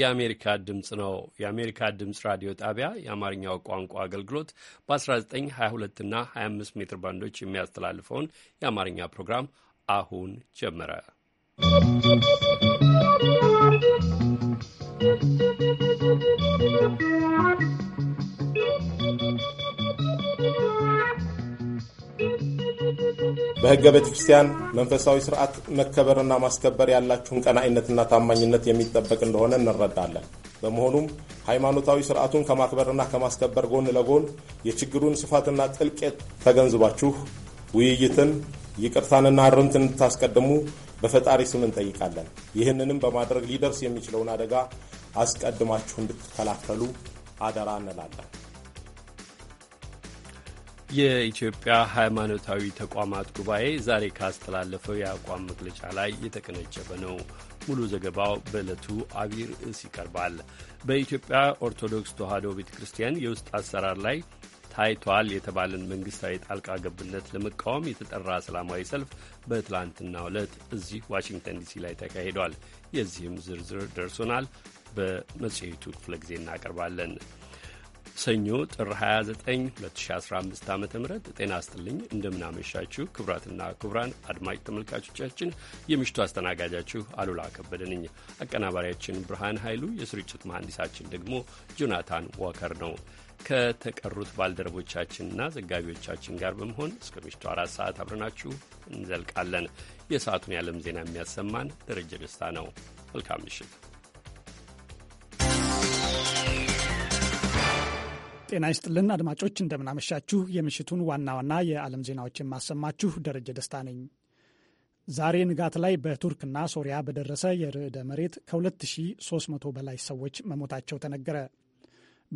የአሜሪካ ድምፅ ነው። የአሜሪካ ድምፅ ራዲዮ ጣቢያ የአማርኛው ቋንቋ አገልግሎት በ1922 እና 25 ሜትር ባንዶች የሚያስተላልፈውን የአማርኛ ፕሮግራም አሁን ጀመረ። በህገ ቤተ ክርስቲያን መንፈሳዊ ስርዓት መከበርና ማስከበር ያላችሁን ቀናኢነትና ታማኝነት የሚጠበቅ እንደሆነ እንረዳለን። በመሆኑም ሃይማኖታዊ ስርዓቱን ከማክበርና ከማስከበር ጎን ለጎን የችግሩን ስፋትና ጥልቀት ተገንዝባችሁ ውይይትን፣ ይቅርታንና እርምትን እንድታስቀድሙ በፈጣሪ ስም እንጠይቃለን። ይህንንም በማድረግ ሊደርስ የሚችለውን አደጋ አስቀድማችሁ እንድትከላከሉ አደራ እንላለን። የኢትዮጵያ ሃይማኖታዊ ተቋማት ጉባኤ ዛሬ ካስተላለፈው የአቋም መግለጫ ላይ የተቀነጨበ ነው። ሙሉ ዘገባው በዕለቱ አብይ ርዕስ ይቀርባል። በኢትዮጵያ ኦርቶዶክስ ተዋሕዶ ቤተ ክርስቲያን የውስጥ አሰራር ላይ ታይቷል የተባለን መንግስታዊ ጣልቃ ገብነት ለመቃወም የተጠራ ሰላማዊ ሰልፍ በትላንትናው ዕለት እዚህ ዋሽንግተን ዲሲ ላይ ተካሂዷል። የዚህም ዝርዝር ደርሶናል። በመጽሔቱ ክፍለ ጊዜ እናቀርባለን። ሰኞ ጥር 29 2015 ዓ ም ጤና ይስጥልኝ። እንደምናመሻችሁ ክቡራትና ክቡራን አድማጭ ተመልካቾቻችን የምሽቱ አስተናጋጃችሁ አሉላ ከበደ ነኝ። አቀናባሪያችን ብርሃን ኃይሉ፣ የስርጭት መሐንዲሳችን ደግሞ ጆናታን ዋከር ነው። ከተቀሩት ባልደረቦቻችንና ዘጋቢዎቻችን ጋር በመሆን እስከ ምሽቱ አራት ሰዓት አብረናችሁ እንዘልቃለን። የሰዓቱን የዓለም ዜና የሚያሰማን ደረጀ ደስታ ነው። መልካም ምሽት። ጤና ይስጥልን አድማጮች፣ እንደምናመሻችሁ። የምሽቱን ዋና ዋና የዓለም ዜናዎች የማሰማችሁ ደረጀ ደስታ ነኝ። ዛሬ ንጋት ላይ በቱርክና ሶሪያ በደረሰ የርዕደ መሬት ከ2300 በላይ ሰዎች መሞታቸው ተነገረ።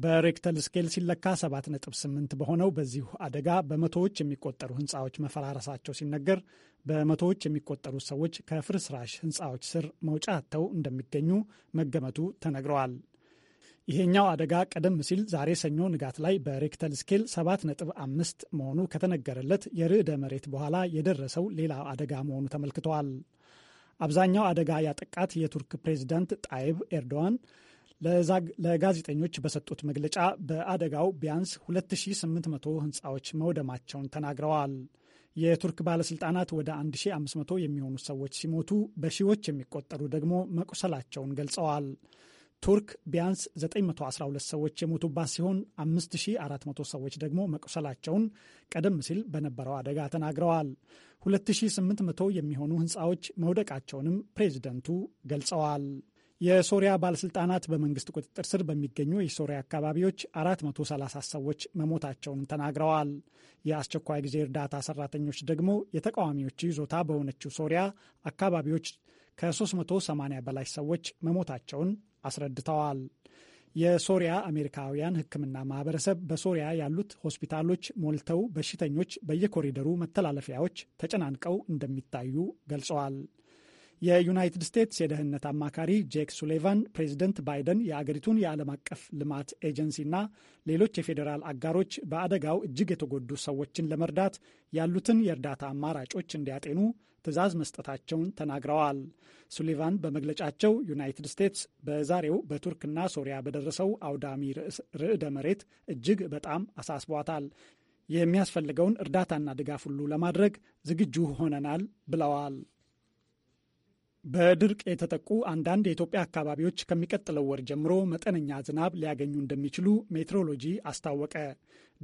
በሬክተል ስኬል ሲለካ 7.8 በሆነው በዚሁ አደጋ በመቶዎች የሚቆጠሩ ህንፃዎች መፈራረሳቸው ሲነገር በመቶዎች የሚቆጠሩ ሰዎች ከፍርስራሽ ህንፃዎች ስር መውጫ አጥተው እንደሚገኙ መገመቱ ተነግረዋል። ይሄኛው አደጋ ቀደም ሲል ዛሬ ሰኞ ንጋት ላይ በሬክተር ስኬል 7.5 መሆኑ ከተነገረለት የርዕደ መሬት በኋላ የደረሰው ሌላ አደጋ መሆኑ ተመልክተዋል። አብዛኛው አደጋ ያጠቃት የቱርክ ፕሬዚዳንት ጣይብ ኤርዶዋን ለጋዜጠኞች በሰጡት መግለጫ በአደጋው ቢያንስ 2800 ሕንፃዎች መውደማቸውን ተናግረዋል። የቱርክ ባለሥልጣናት ወደ 1500 የሚሆኑ ሰዎች ሲሞቱ በሺዎች የሚቆጠሩ ደግሞ መቁሰላቸውን ገልጸዋል። ቱርክ ቢያንስ 912 ሰዎች የሞቱባት ሲሆን 5400 ሰዎች ደግሞ መቁሰላቸውን ቀደም ሲል በነበረው አደጋ ተናግረዋል። 2800 የሚሆኑ ሕንፃዎች መውደቃቸውንም ፕሬዚደንቱ ገልጸዋል። የሶሪያ ባለስልጣናት በመንግስት ቁጥጥር ስር በሚገኙ የሶሪያ አካባቢዎች 430 ሰዎች መሞታቸውን ተናግረዋል። የአስቸኳይ ጊዜ እርዳታ ሰራተኞች ደግሞ የተቃዋሚዎች ይዞታ በሆነችው ሶሪያ አካባቢዎች ከ380 በላይ ሰዎች መሞታቸውን አስረድተዋል። የሶሪያ አሜሪካውያን ሕክምና ማህበረሰብ በሶሪያ ያሉት ሆስፒታሎች ሞልተው በሽተኞች በየኮሪደሩ መተላለፊያዎች ተጨናንቀው እንደሚታዩ ገልጸዋል። የዩናይትድ ስቴትስ የደህንነት አማካሪ ጄክ ሱሌቫን ፕሬዚደንት ባይደን የአገሪቱን የዓለም አቀፍ ልማት ኤጀንሲና ሌሎች የፌዴራል አጋሮች በአደጋው እጅግ የተጎዱ ሰዎችን ለመርዳት ያሉትን የእርዳታ አማራጮች እንዲያጤኑ ትዕዛዝ መስጠታቸውን ተናግረዋል። ሱሊቫን በመግለጫቸው ዩናይትድ ስቴትስ በዛሬው በቱርክና ሶሪያ በደረሰው አውዳሚ ርዕደ መሬት እጅግ በጣም አሳስቧታል፣ የሚያስፈልገውን እርዳታና ድጋፍ ሁሉ ለማድረግ ዝግጁ ሆነናል ብለዋል። በድርቅ የተጠቁ አንዳንድ የኢትዮጵያ አካባቢዎች ከሚቀጥለው ወር ጀምሮ መጠነኛ ዝናብ ሊያገኙ እንደሚችሉ ሜትሮሎጂ አስታወቀ።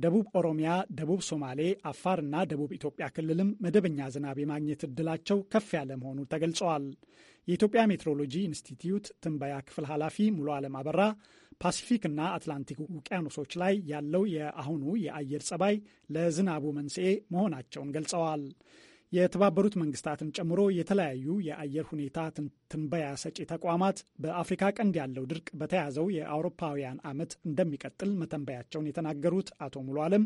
ደቡብ ኦሮሚያ፣ ደቡብ ሶማሌ፣ አፋርና ደቡብ ኢትዮጵያ ክልልም መደበኛ ዝናብ የማግኘት እድላቸው ከፍ ያለ መሆኑ ተገልጸዋል። የኢትዮጵያ ሜትሮሎጂ ኢንስቲትዩት ትንበያ ክፍል ኃላፊ ሙሉ ዓለም አበራ ፓሲፊክና አትላንቲክ ውቅያኖሶች ላይ ያለው የአሁኑ የአየር ጸባይ ለዝናቡ መንስኤ መሆናቸውን ገልጸዋል። የተባበሩት መንግስታትን ጨምሮ የተለያዩ የአየር ሁኔታ ትንበያ ሰጪ ተቋማት በአፍሪካ ቀንድ ያለው ድርቅ በተያዘው የአውሮፓውያን ዓመት እንደሚቀጥል መተንበያቸውን የተናገሩት አቶ ሙሉ አለም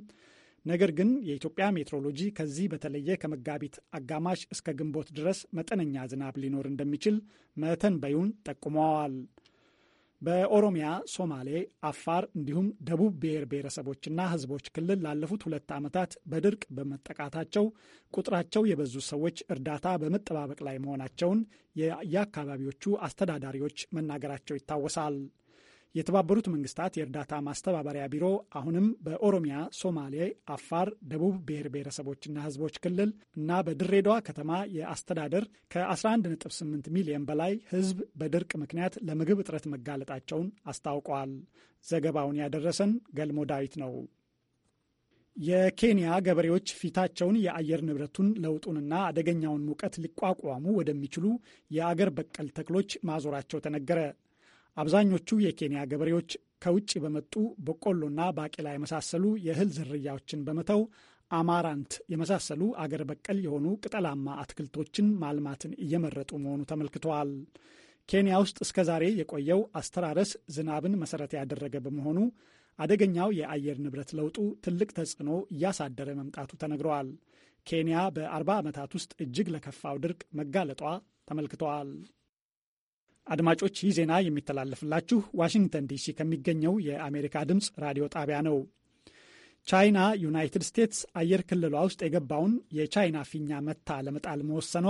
ነገር ግን የኢትዮጵያ ሜትሮሎጂ ከዚህ በተለየ ከመጋቢት አጋማሽ እስከ ግንቦት ድረስ መጠነኛ ዝናብ ሊኖር እንደሚችል መተንበዩን ጠቁመዋል። በኦሮሚያ፣ ሶማሌ፣ አፋር እንዲሁም ደቡብ ብሔር ብሔረሰቦችና ህዝቦች ክልል ላለፉት ሁለት ዓመታት በድርቅ በመጠቃታቸው ቁጥራቸው የበዙ ሰዎች እርዳታ በመጠባበቅ ላይ መሆናቸውን የየአካባቢዎቹ አስተዳዳሪዎች መናገራቸው ይታወሳል። የተባበሩት መንግስታት የእርዳታ ማስተባበሪያ ቢሮ አሁንም በኦሮሚያ፣ ሶማሌ፣ አፋር፣ ደቡብ ብሔር ብሔረሰቦችና ህዝቦች ክልል እና በድሬዳዋ ከተማ የአስተዳደር ከ11.8 ሚሊዮን በላይ ህዝብ በድርቅ ምክንያት ለምግብ እጥረት መጋለጣቸውን አስታውቀዋል። ዘገባውን ያደረሰን ገልሞ ዳዊት ነው። የኬንያ ገበሬዎች ፊታቸውን የአየር ንብረቱን ለውጡንና አደገኛውን ሙቀት ሊቋቋሙ ወደሚችሉ የአገር በቀል ተክሎች ማዞራቸው ተነገረ። አብዛኞቹ የኬንያ ገበሬዎች ከውጭ በመጡ በቆሎና ባቄላ የመሳሰሉ የእህል ዝርያዎችን በመተው አማራንት የመሳሰሉ አገር በቀል የሆኑ ቅጠላማ አትክልቶችን ማልማትን እየመረጡ መሆኑ ተመልክተዋል። ኬንያ ውስጥ እስከ ዛሬ የቆየው አስተራረስ ዝናብን መሰረት ያደረገ በመሆኑ አደገኛው የአየር ንብረት ለውጡ ትልቅ ተጽዕኖ እያሳደረ መምጣቱ ተነግረዋል። ኬንያ በ40 ዓመታት ውስጥ እጅግ ለከፋው ድርቅ መጋለጧ ተመልክተዋል። አድማጮች ይህ ዜና የሚተላለፍላችሁ ዋሽንግተን ዲሲ ከሚገኘው የአሜሪካ ድምፅ ራዲዮ ጣቢያ ነው። ቻይና ዩናይትድ ስቴትስ አየር ክልሏ ውስጥ የገባውን የቻይና ፊኛ መታ ለመጣል መወሰኗ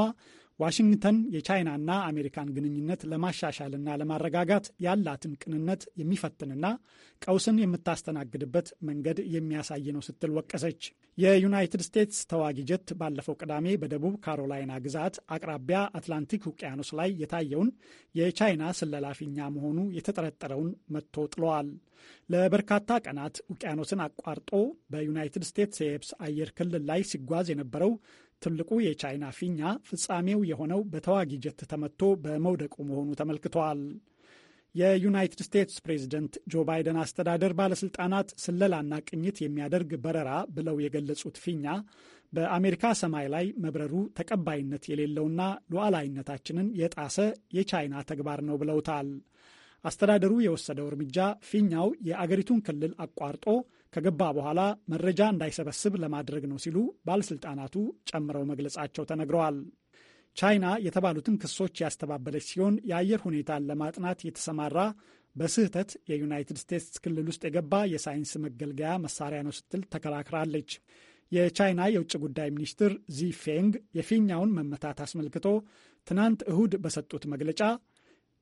ዋሽንግተን የቻይናና አሜሪካን ግንኙነት ለማሻሻልና ለማረጋጋት ያላትን ቅንነት የሚፈትንና ቀውስን የምታስተናግድበት መንገድ የሚያሳይ ነው ስትል ወቀሰች። የዩናይትድ ስቴትስ ተዋጊ ጀት ባለፈው ቅዳሜ በደቡብ ካሮላይና ግዛት አቅራቢያ አትላንቲክ ውቅያኖስ ላይ የታየውን የቻይና ስለላፊኛ መሆኑ የተጠረጠረውን መጥቶ ጥለዋል። ለበርካታ ቀናት ውቅያኖስን አቋርጦ በዩናይትድ ስቴትስ የየብስ አየር ክልል ላይ ሲጓዝ የነበረው ትልቁ የቻይና ፊኛ ፍጻሜው የሆነው በተዋጊ ጀት ተመቶ በመውደቁ መሆኑ ተመልክተዋል። የዩናይትድ ስቴትስ ፕሬዝደንት ጆ ባይደን አስተዳደር ባለስልጣናት ስለላና ቅኝት የሚያደርግ በረራ ብለው የገለጹት ፊኛ በአሜሪካ ሰማይ ላይ መብረሩ ተቀባይነት የሌለውና ሉዓላዊነታችንን የጣሰ የቻይና ተግባር ነው ብለውታል። አስተዳደሩ የወሰደው እርምጃ ፊኛው የአገሪቱን ክልል አቋርጦ ከገባ በኋላ መረጃ እንዳይሰበስብ ለማድረግ ነው ሲሉ ባለሥልጣናቱ ጨምረው መግለጻቸው ተነግረዋል። ቻይና የተባሉትን ክሶች ያስተባበለች ሲሆን የአየር ሁኔታን ለማጥናት የተሰማራ በስህተት የዩናይትድ ስቴትስ ክልል ውስጥ የገባ የሳይንስ መገልገያ መሳሪያ ነው ስትል ተከራክራለች። የቻይና የውጭ ጉዳይ ሚኒስትር ዚፌንግ የፊኛውን መመታት አስመልክቶ ትናንት እሁድ በሰጡት መግለጫ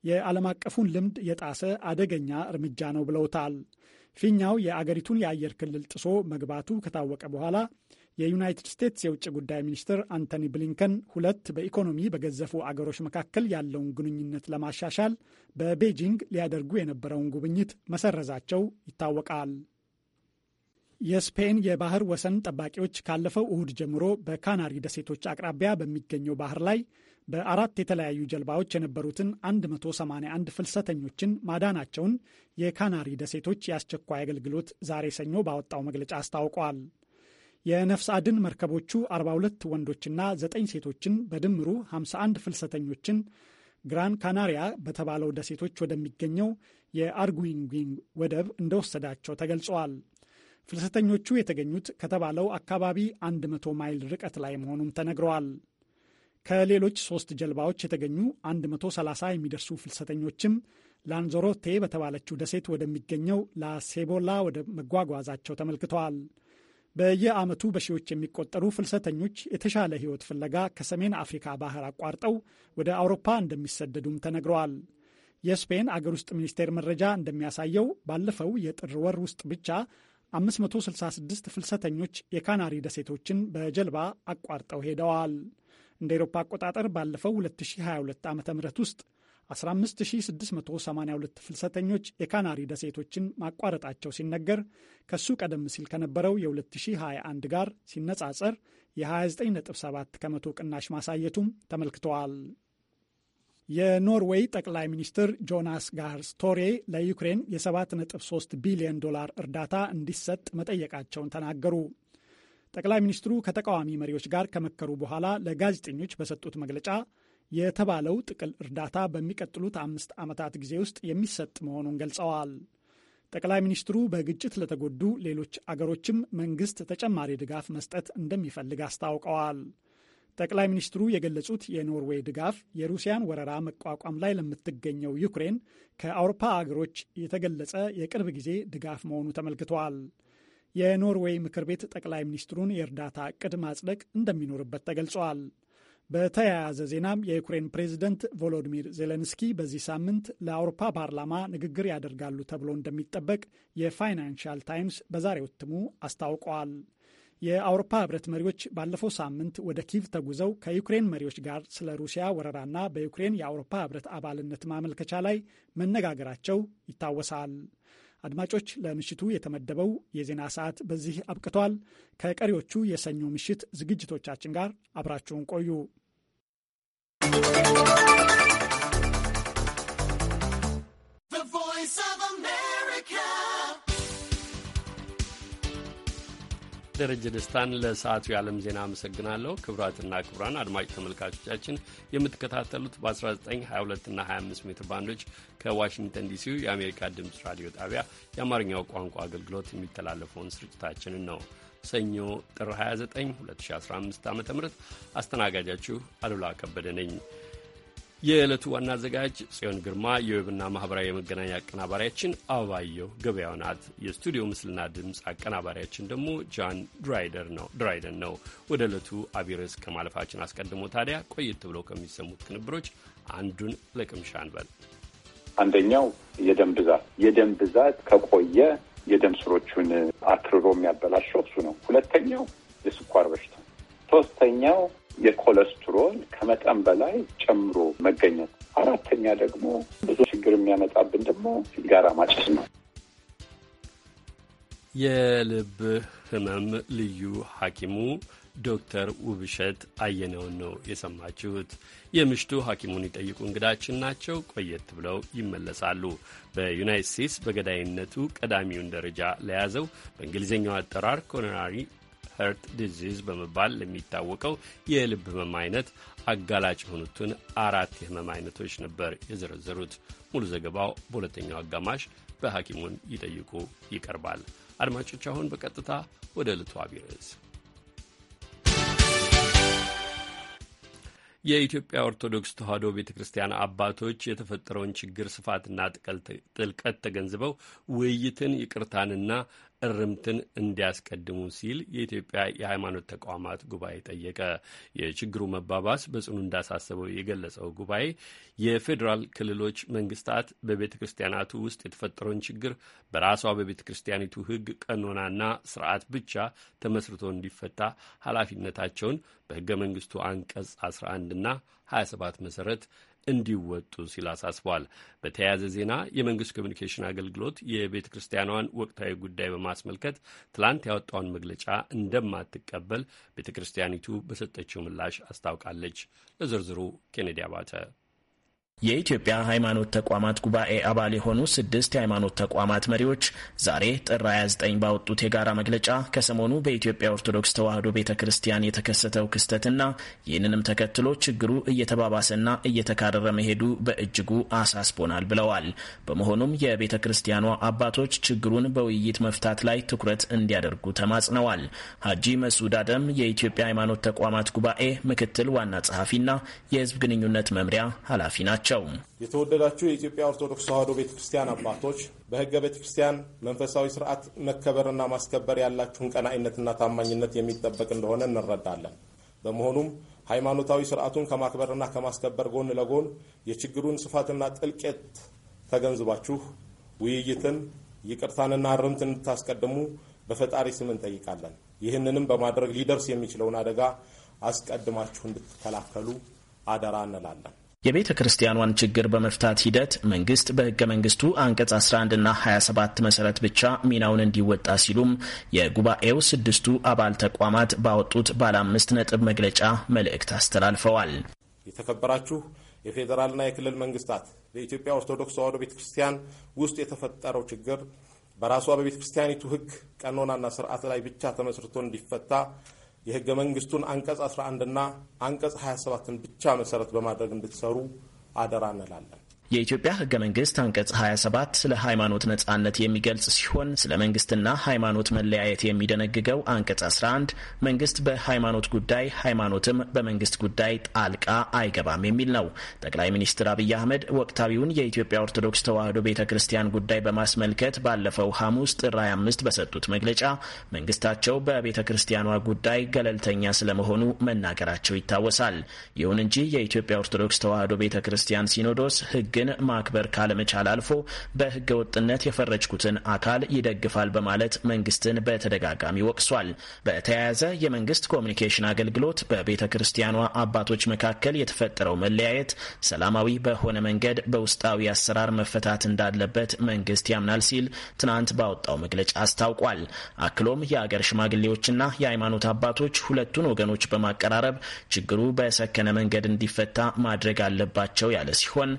የዓለም አቀፉን ልምድ የጣሰ አደገኛ እርምጃ ነው ብለውታል። ፊኛው የአገሪቱን የአየር ክልል ጥሶ መግባቱ ከታወቀ በኋላ የዩናይትድ ስቴትስ የውጭ ጉዳይ ሚኒስትር አንቶኒ ብሊንከን ሁለት በኢኮኖሚ በገዘፉ አገሮች መካከል ያለውን ግንኙነት ለማሻሻል በቤጂንግ ሊያደርጉ የነበረውን ጉብኝት መሰረዛቸው ይታወቃል። የስፔን የባህር ወሰን ጠባቂዎች ካለፈው እሁድ ጀምሮ በካናሪ ደሴቶች አቅራቢያ በሚገኘው ባህር ላይ በአራት የተለያዩ ጀልባዎች የነበሩትን 181 ፍልሰተኞችን ማዳናቸውን የካናሪ ደሴቶች የአስቸኳይ አገልግሎት ዛሬ ሰኞ ባወጣው መግለጫ አስታውቀዋል። የነፍስ አድን መርከቦቹ 42 ወንዶችና 9 ሴቶችን በድምሩ 51 ፍልሰተኞችን ግራን ካናሪያ በተባለው ደሴቶች ወደሚገኘው የአርጉንጉን ወደብ እንደወሰዳቸው ተገልጸዋል። ፍልሰተኞቹ የተገኙት ከተባለው አካባቢ 100 ማይል ርቀት ላይ መሆኑም ተነግረዋል። ከሌሎች ሶስት ጀልባዎች የተገኙ 130 የሚደርሱ ፍልሰተኞችም ላንዞሮቴ በተባለችው ደሴት ወደሚገኘው ላሴቦላ ወደ መጓጓዛቸው ተመልክተዋል። በየዓመቱ በሺዎች የሚቆጠሩ ፍልሰተኞች የተሻለ ሕይወት ፍለጋ ከሰሜን አፍሪካ ባህር አቋርጠው ወደ አውሮፓ እንደሚሰደዱም ተነግረዋል። የስፔን አገር ውስጥ ሚኒስቴር መረጃ እንደሚያሳየው ባለፈው የጥር ወር ውስጥ ብቻ 566 ፍልሰተኞች የካናሪ ደሴቶችን በጀልባ አቋርጠው ሄደዋል። እንደ ኤሮፓ አቆጣጠር ባለፈው 2022 ዓ ም ውስጥ 15682 ፍልሰተኞች የካናሪ ደሴቶችን ማቋረጣቸው ሲነገር ከሱ ቀደም ሲል ከነበረው የ2021 ጋር ሲነጻጸር የ29.7 ከመቶ ቅናሽ ማሳየቱም ተመልክተዋል። የኖርዌይ ጠቅላይ ሚኒስትር ጆናስ ጋር ስቶሬ ለዩክሬን የ7.3 ቢሊዮን ዶላር እርዳታ እንዲሰጥ መጠየቃቸውን ተናገሩ። ጠቅላይ ሚኒስትሩ ከተቃዋሚ መሪዎች ጋር ከመከሩ በኋላ ለጋዜጠኞች በሰጡት መግለጫ የተባለው ጥቅል እርዳታ በሚቀጥሉት አምስት ዓመታት ጊዜ ውስጥ የሚሰጥ መሆኑን ገልጸዋል። ጠቅላይ ሚኒስትሩ በግጭት ለተጎዱ ሌሎች አገሮችም መንግስት ተጨማሪ ድጋፍ መስጠት እንደሚፈልግ አስታውቀዋል። ጠቅላይ ሚኒስትሩ የገለጹት የኖርዌይ ድጋፍ የሩሲያን ወረራ መቋቋም ላይ ለምትገኘው ዩክሬን ከአውሮፓ አገሮች የተገለጸ የቅርብ ጊዜ ድጋፍ መሆኑ ተመልክቷል። የኖርዌይ ምክር ቤት ጠቅላይ ሚኒስትሩን የእርዳታ እቅድ ማጽደቅ እንደሚኖርበት ተገልጿል። በተያያዘ ዜናም የዩክሬን ፕሬዝደንት ቮሎዲሚር ዜሌንስኪ በዚህ ሳምንት ለአውሮፓ ፓርላማ ንግግር ያደርጋሉ ተብሎ እንደሚጠበቅ የፋይናንሻል ታይምስ በዛሬው እትሙ አስታውቀዋል። የአውሮፓ ህብረት መሪዎች ባለፈው ሳምንት ወደ ኪቭ ተጉዘው ከዩክሬን መሪዎች ጋር ስለ ሩሲያ ወረራና በዩክሬን የአውሮፓ ህብረት አባልነት ማመልከቻ ላይ መነጋገራቸው ይታወሳል። አድማጮች፣ ለምሽቱ የተመደበው የዜና ሰዓት በዚህ አብቅተዋል። ከቀሪዎቹ የሰኞ ምሽት ዝግጅቶቻችን ጋር አብራችሁን ቆዩ። ደረጀ ደስታን ለሰዓቱ የዓለም ዜና አመሰግናለሁ። ክቡራትና ክቡራን አድማጭ ተመልካቾቻችን የምትከታተሉት በ1922 እና 25 ሜትር ባንዶች ከዋሽንግተን ዲሲው የአሜሪካ ድምፅ ራዲዮ ጣቢያ የአማርኛው ቋንቋ አገልግሎት የሚተላለፈውን ስርጭታችንን ነው። ሰኞ ጥር 29 2015 ዓ ም አስተናጋጃችሁ አሉላ ከበደ ነኝ። የዕለቱ ዋና አዘጋጅ ጽዮን ግርማ፣ የዌብና ማኅበራዊ የመገናኛ አቀናባሪያችን አበባየሁ ገበያው ናት። የስቱዲዮ ምስልና ድምፅ አቀናባሪያችን ደግሞ ጃን ድራይደን ነው። ወደ ዕለቱ አቢረስ ከማለፋችን አስቀድሞ ታዲያ ቆየት ብለው ከሚሰሙት ቅንብሮች አንዱን ለቅምሻ እንበል። አንደኛው የደም ብዛት የደም ብዛት ከቆየ የደም ስሮቹን አክርሮ የሚያበላሸው እሱ ነው። ሁለተኛው የስኳር በሽታ፣ ሶስተኛው የኮለስትሮል ከመጠን በላይ ጨምሮ መገኘት። አራተኛ ደግሞ ብዙ ችግር የሚያመጣብን ደግሞ ሲጋራ ማጨስ ነው። የልብ ህመም ልዩ ሐኪሙ ዶክተር ውብሸት አየነውን ነው የሰማችሁት። የምሽቱ ሐኪሙን ይጠይቁ እንግዳችን ናቸው። ቆየት ብለው ይመለሳሉ። በዩናይት ስቴትስ በገዳይነቱ ቀዳሚውን ደረጃ ለያዘው በእንግሊዝኛው አጠራር ኮሮናሪ ሀርት ዲዚዝ በመባል ለሚታወቀው የልብ ህመም አይነት አጋላጭ የሆኑትን አራት የህመም አይነቶች ነበር የዘረዘሩት። ሙሉ ዘገባው በሁለተኛው አጋማሽ በሐኪሙን ይጠይቁ ይቀርባል። አድማጮች አሁን በቀጥታ ወደ ዕለቱ አብይ ርዕስ የኢትዮጵያ ኦርቶዶክስ ተዋሕዶ ቤተ ክርስቲያን አባቶች የተፈጠረውን ችግር ስፋትና ጥልቀት ተገንዝበው ውይይትን፣ ይቅርታንና እርምትን እንዲያስቀድሙ ሲል የኢትዮጵያ የሃይማኖት ተቋማት ጉባኤ ጠየቀ። የችግሩ መባባስ በጽኑ እንዳሳሰበው የገለጸው ጉባኤ የፌዴራል ክልሎች መንግስታት በቤተ ክርስቲያናቱ ውስጥ የተፈጠረውን ችግር በራሷ በቤተ ክርስቲያኒቱ ሕግ ቀኖናና ስርዓት ብቻ ተመስርቶ እንዲፈታ ኃላፊነታቸውን በሕገ መንግስቱ አንቀጽ 11ና 27 መሰረት እንዲወጡ ሲል አሳስቧል። በተያያዘ ዜና የመንግስት ኮሚኒኬሽን አገልግሎት የቤተ ክርስቲያኗን ወቅታዊ ጉዳይ በማስመልከት ትላንት ያወጣውን መግለጫ እንደማትቀበል ቤተ ክርስቲያኒቱ በሰጠችው ምላሽ አስታውቃለች። ለዝርዝሩ ኬኔዲ አባተ የኢትዮጵያ ሃይማኖት ተቋማት ጉባኤ አባል የሆኑ ስድስት የሃይማኖት ተቋማት መሪዎች ዛሬ ጥር 29 ባወጡት የጋራ መግለጫ ከሰሞኑ በኢትዮጵያ ኦርቶዶክስ ተዋሕዶ ቤተ ክርስቲያን የተከሰተው ክስተትና ይህንንም ተከትሎ ችግሩ እየተባባሰና እየተካረረ መሄዱ በእጅጉ አሳስቦናል ብለዋል። በመሆኑም የቤተ ክርስቲያኗ አባቶች ችግሩን በውይይት መፍታት ላይ ትኩረት እንዲያደርጉ ተማጽነዋል። ሀጂ መሱድ አደም የኢትዮጵያ ሃይማኖት ተቋማት ጉባኤ ምክትል ዋና ጸሐፊና የህዝብ ግንኙነት መምሪያ ኃላፊ ናቸው። ናቸው። የተወደዳችሁ የኢትዮጵያ ኦርቶዶክስ ተዋሕዶ ቤተ ክርስቲያን አባቶች በሕገ ቤተ ክርስቲያን መንፈሳዊ ስርዓት መከበርና ማስከበር ያላችሁን ቀናኢነትና ታማኝነት የሚጠበቅ እንደሆነ እንረዳለን። በመሆኑም ሃይማኖታዊ ስርዓቱን ከማክበርና ከማስከበር ጎን ለጎን የችግሩን ስፋትና ጥልቀት ተገንዝባችሁ ውይይትን፣ ይቅርታንና እርምት እንድታስቀድሙ በፈጣሪ ስም እንጠይቃለን። ይህንንም በማድረግ ሊደርስ የሚችለውን አደጋ አስቀድማችሁ እንድትከላከሉ አደራ እንላለን። የቤተ ክርስቲያኗን ችግር በመፍታት ሂደት መንግስት በህገ መንግስቱ አንቀጽ 11 እና 27 መሰረት ብቻ ሚናውን እንዲወጣ ሲሉም የጉባኤው ስድስቱ አባል ተቋማት ባወጡት ባለ አምስት ነጥብ መግለጫ መልእክት አስተላልፈዋል። የተከበራችሁ የፌዴራልና የክልል መንግስታት በኢትዮጵያ ኦርቶዶክስ ተዋሕዶ ቤተ ክርስቲያን ውስጥ የተፈጠረው ችግር በራሷ በቤተ ክርስቲያኒቱ ህግ ቀኖናና ስርዓት ላይ ብቻ ተመስርቶ እንዲፈታ የህገ መንግስቱን አንቀጽ 11 እና አንቀጽ 27ን ብቻ መሰረት በማድረግ እንድትሰሩ አደራ እንላለን። የኢትዮጵያ ህገ መንግስት አንቀጽ 27 ስለ ሃይማኖት ነጻነት የሚገልጽ ሲሆን ስለ መንግስትና ሃይማኖት መለያየት የሚደነግገው አንቀጽ 11 መንግስት በሃይማኖት ጉዳይ ሃይማኖትም በመንግስት ጉዳይ ጣልቃ አይገባም የሚል ነው። ጠቅላይ ሚኒስትር አብይ አህመድ ወቅታዊውን የኢትዮጵያ ኦርቶዶክስ ተዋሕዶ ቤተ ክርስቲያን ጉዳይ በማስመልከት ባለፈው ሐሙስ ጥር 25 በሰጡት መግለጫ መንግስታቸው በቤተ ክርስቲያኗ ጉዳይ ገለልተኛ ስለመሆኑ መናገራቸው ይታወሳል። ይሁን እንጂ የኢትዮጵያ ኦርቶዶክስ ተዋህዶ ቤተ ክርስቲያን ሲኖዶስ ህግ ግን ማክበር ካለመቻል አልፎ በህገ ወጥነት የፈረጅኩትን አካል ይደግፋል በማለት መንግስትን በተደጋጋሚ ወቅሷል። በተያያዘ የመንግስት ኮሚኒኬሽን አገልግሎት በቤተ ክርስቲያኗ አባቶች መካከል የተፈጠረው መለያየት ሰላማዊ በሆነ መንገድ በውስጣዊ አሰራር መፈታት እንዳለበት መንግስት ያምናል ሲል ትናንት ባወጣው መግለጫ አስታውቋል። አክሎም የአገር ሽማግሌዎችና የሃይማኖት አባቶች ሁለቱን ወገኖች በማቀራረብ ችግሩ በሰከነ መንገድ እንዲፈታ ማድረግ አለባቸው ያለ ሲሆን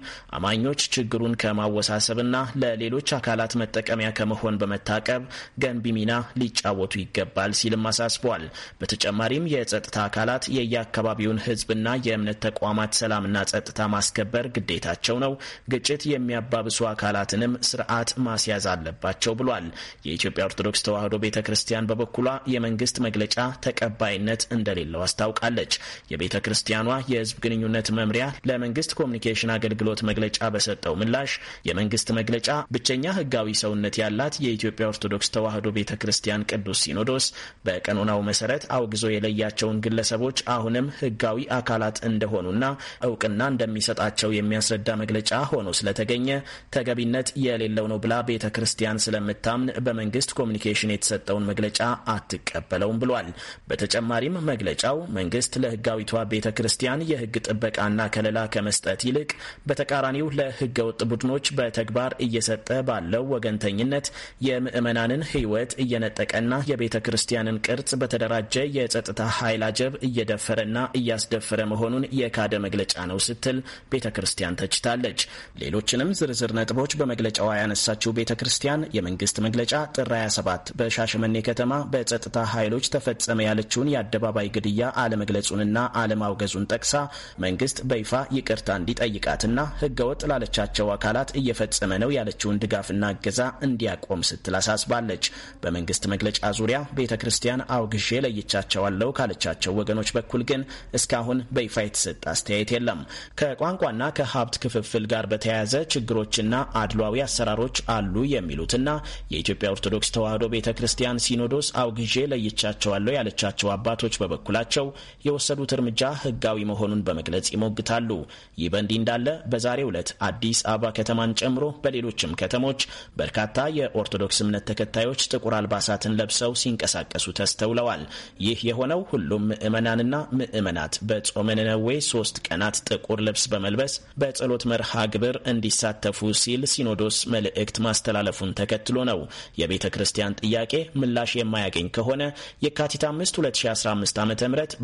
አማኞች ችግሩን ከማወሳሰብና ለሌሎች አካላት መጠቀሚያ ከመሆን በመታቀብ ገንቢ ሚና ሊጫወቱ ይገባል ሲልም አሳስቧል። በተጨማሪም የጸጥታ አካላት የየአካባቢውን ሕዝብና የእምነት ተቋማት ሰላምና ጸጥታ ማስከበር ግዴታቸው ነው። ግጭት የሚያባብሱ አካላትንም ስርዓት ማስያዝ አለባቸው ብሏል። የኢትዮጵያ ኦርቶዶክስ ተዋሕዶ ቤተ ክርስቲያን በበኩሏ የመንግስት መግለጫ ተቀባይነት እንደሌለው አስታውቃለች። የቤተ ክርስቲያኗ የህዝብ ግንኙነት መምሪያ ለመንግስት ኮሚኒኬሽን አገልግሎት መግለጫ መግለጫ በሰጠው ምላሽ የመንግስት መግለጫ ብቸኛ ህጋዊ ሰውነት ያላት የኢትዮጵያ ኦርቶዶክስ ተዋህዶ ቤተ ክርስቲያን ቅዱስ ሲኖዶስ በቀኖናው መሰረት አውግዞ የለያቸውን ግለሰቦች አሁንም ህጋዊ አካላት እንደሆኑና እውቅና እንደሚሰጣቸው የሚያስረዳ መግለጫ ሆኖ ስለተገኘ ተገቢነት የሌለው ነው ብላ ቤተ ክርስቲያን ስለምታምን በመንግስት ኮሚኒኬሽን የተሰጠውን መግለጫ አትቀበለውም ብሏል። በተጨማሪም መግለጫው መንግስት ለህጋዊቷ ቤተ ክርስቲያን የህግ ጥበቃና ከለላ ከመስጠት ይልቅ በተቃራኒው ለህገ ወጥ ቡድኖች በተግባር እየሰጠ ባለው ወገንተኝነት የምዕመናንን ህይወት እየነጠቀና የቤተ ክርስቲያንን ቅርጽ በተደራጀ የጸጥታ ኃይል አጀብ እየደፈረና እያስደፈረ መሆኑን የካደ መግለጫ ነው ስትል ቤተ ክርስቲያን ተችታለች። ሌሎችንም ዝርዝር ነጥቦች በመግለጫዋ ያነሳችው ቤተ ክርስቲያን የመንግስት መግለጫ ጥር 27 በሻሸመኔ ከተማ በጸጥታ ኃይሎች ተፈጸመ ያለችውን የአደባባይ ግድያ አለመግለጹንና አለማውገዙን ጠቅሳ መንግስት በይፋ ይቅርታ እንዲጠይቃትና ህገ በመለዋወጥ ላለቻቸው አካላት እየፈጸመ ነው ያለችውን ድጋፍና እገዛ እንዲያቆም ስትል አሳስባለች። በመንግስት መግለጫ ዙሪያ ቤተ ክርስቲያን አውግዤ ለይቻቸዋለሁ ካለቻቸው ወገኖች በኩል ግን እስካሁን በይፋ የተሰጠ አስተያየት የለም። ከቋንቋና ከሀብት ክፍፍል ጋር በተያያዘ ችግሮችና አድሏዊ አሰራሮች አሉ የሚሉትና የኢትዮጵያ ኦርቶዶክስ ተዋሕዶ ቤተ ክርስቲያን ሲኖዶስ አውግዤ ለይቻቸዋለሁ ያለቻቸው አባቶች በበኩላቸው የወሰዱት እርምጃ ህጋዊ መሆኑን በመግለጽ ይሞግታሉ። ይህ በእንዲህ እንዳለ በዛሬው በዛለበት አዲስ አበባ ከተማን ጨምሮ በሌሎችም ከተሞች በርካታ የኦርቶዶክስ እምነት ተከታዮች ጥቁር አልባሳትን ለብሰው ሲንቀሳቀሱ ተስተውለዋል። ይህ የሆነው ሁሉም ምዕመናንና ምዕመናት በጾመ ነነዌ ሶስት ቀናት ጥቁር ልብስ በመልበስ በጸሎት መርሃ ግብር እንዲሳተፉ ሲል ሲኖዶስ መልእክት ማስተላለፉን ተከትሎ ነው። የቤተ ክርስቲያን ጥያቄ ምላሽ የማያገኝ ከሆነ የካቲት 5 2015 ዓ ም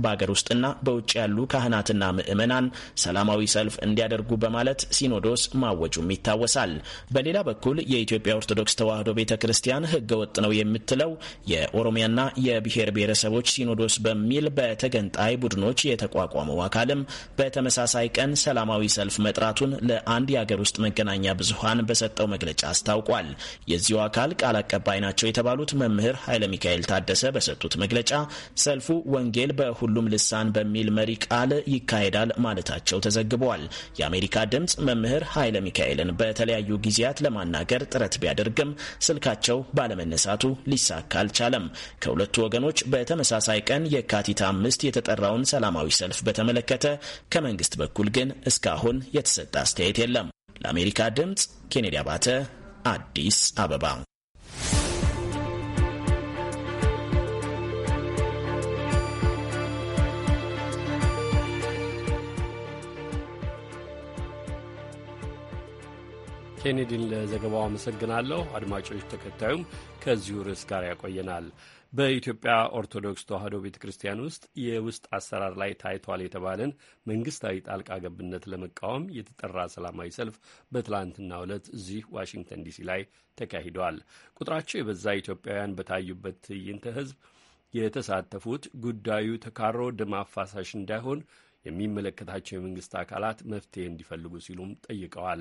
በአገር ውስጥና በውጭ ያሉ ካህናትና ምዕመናን ሰላማዊ ሰልፍ እንዲያደርጉ በማለት ሲኖዶስ ማወጁም ይታወሳል። በሌላ በኩል የኢትዮጵያ ኦርቶዶክስ ተዋሕዶ ቤተ ክርስቲያን ሕገ ወጥ ነው የምትለው የኦሮሚያና የብሔር ብሔረሰቦች ሲኖዶስ በሚል በተገንጣይ ቡድኖች የተቋቋመው አካልም በተመሳሳይ ቀን ሰላማዊ ሰልፍ መጥራቱን ለአንድ የአገር ውስጥ መገናኛ ብዙሀን በሰጠው መግለጫ አስታውቋል። የዚሁ አካል ቃል አቀባይ ናቸው የተባሉት መምህር ኃይለ ሚካኤል ታደሰ በሰጡት መግለጫ ሰልፉ ወንጌል በሁሉም ልሳን በሚል መሪ ቃል ይካሄዳል ማለታቸው ተዘግበዋል። የአሜሪካ መ መምህር ኃይለ ሚካኤልን በተለያዩ ጊዜያት ለማናገር ጥረት ቢያደርግም ስልካቸው ባለመነሳቱ ሊሳካ አልቻለም። ከሁለቱ ወገኖች በተመሳሳይ ቀን የካቲት አምስት የተጠራውን ሰላማዊ ሰልፍ በተመለከተ ከመንግስት በኩል ግን እስካሁን የተሰጠ አስተያየት የለም። ለአሜሪካ ድምፅ ኬኔዲ አባተ አዲስ አበባ ኬኔዲን ለዘገባው አመሰግናለሁ። አድማጮች፣ ተከታዩም ከዚሁ ርዕስ ጋር ያቆየናል። በኢትዮጵያ ኦርቶዶክስ ተዋሕዶ ቤተ ክርስቲያን ውስጥ የውስጥ አሰራር ላይ ታይቷል የተባለን መንግስታዊ ጣልቃ ገብነት ለመቃወም የተጠራ ሰላማዊ ሰልፍ በትላንትና ዕለት እዚህ ዋሽንግተን ዲሲ ላይ ተካሂደዋል። ቁጥራቸው የበዛ ኢትዮጵያውያን በታዩበት ትዕይንተ ህዝብ የተሳተፉት ጉዳዩ ተካሮ ደም አፋሳሽ እንዳይሆን የሚመለከታቸው የመንግስት አካላት መፍትሄ እንዲፈልጉ ሲሉም ጠይቀዋል።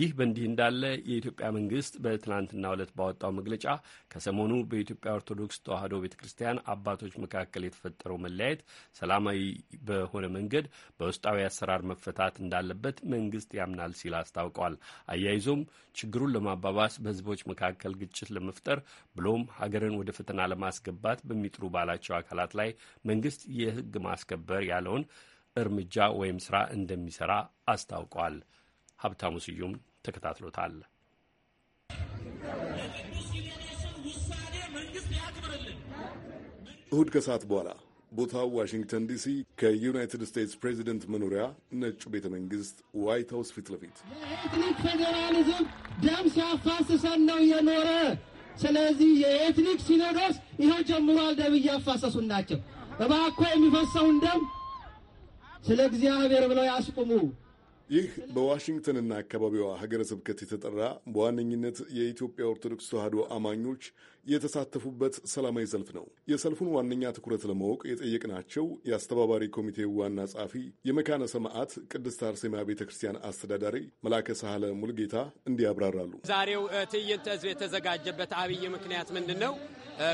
ይህ በእንዲህ እንዳለ የኢትዮጵያ መንግስት በትናንትናው ዕለት ባወጣው መግለጫ ከሰሞኑ በኢትዮጵያ ኦርቶዶክስ ተዋሕዶ ቤተ ክርስቲያን አባቶች መካከል የተፈጠረው መለያየት ሰላማዊ በሆነ መንገድ በውስጣዊ አሰራር መፈታት እንዳለበት መንግስት ያምናል ሲል አስታውቋል። አያይዞም ችግሩን ለማባባስ በህዝቦች መካከል ግጭት ለመፍጠር ብሎም ሀገርን ወደ ፈተና ለማስገባት በሚጥሩ ባላቸው አካላት ላይ መንግስት የህግ ማስከበር ያለውን እርምጃ ወይም ስራ እንደሚሰራ አስታውቋል። ሀብታሙ ስዩም ተከታትሎታል። እሁድ ከሰዓት በኋላ ቦታው ዋሽንግተን ዲሲ ከዩናይትድ ስቴትስ ፕሬዚደንት መኖሪያ ነጩ ቤተ መንግስት ዋይት ሀውስ ፊት ለፊት የኤትኒክ ፌዴራሊዝም ደም ሲያፋስሰን ነው የኖረ። ስለዚህ የኤትኒክ ሲኖዶስ ይኸው ጀምሯል። ደም እያፋሰሱን ናቸው። እባኮ የሚፈሰውን ደም ስለ እግዚአብሔር ብለው ያስቁሙ። ይህ በዋሽንግተንና አካባቢዋ ሀገረ ስብከት የተጠራ በዋነኝነት የኢትዮጵያ ኦርቶዶክስ ተዋሕዶ አማኞች የተሳተፉበት ሰላማዊ ሰልፍ ነው። የሰልፉን ዋነኛ ትኩረት ለማወቅ የጠየቅናቸው የአስተባባሪ ኮሚቴው ዋና ጸሐፊ የመካነ ሰማዕት ቅድስት አርሴማ ቤተ ክርስቲያን አስተዳዳሪ መላከ ሳህለ ሙልጌታ እንዲህ ያብራራሉ። ዛሬው ትዕይንተ ሕዝብ የተዘጋጀበት አብይ ምክንያት ምንድን ነው?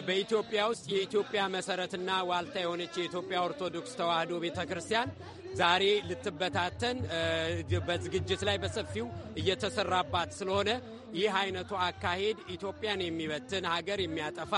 በኢትዮጵያ ውስጥ የኢትዮጵያ መሰረትና ዋልታ የሆነች የኢትዮጵያ ኦርቶዶክስ ተዋሕዶ ቤተ ክርስቲያን ዛሬ ልትበታተን በዝግጅት ላይ በሰፊው እየተሰራባት ስለሆነ ይህ አይነቱ አካሄድ ኢትዮጵያን የሚበትን ሀገር የሚያጠፋ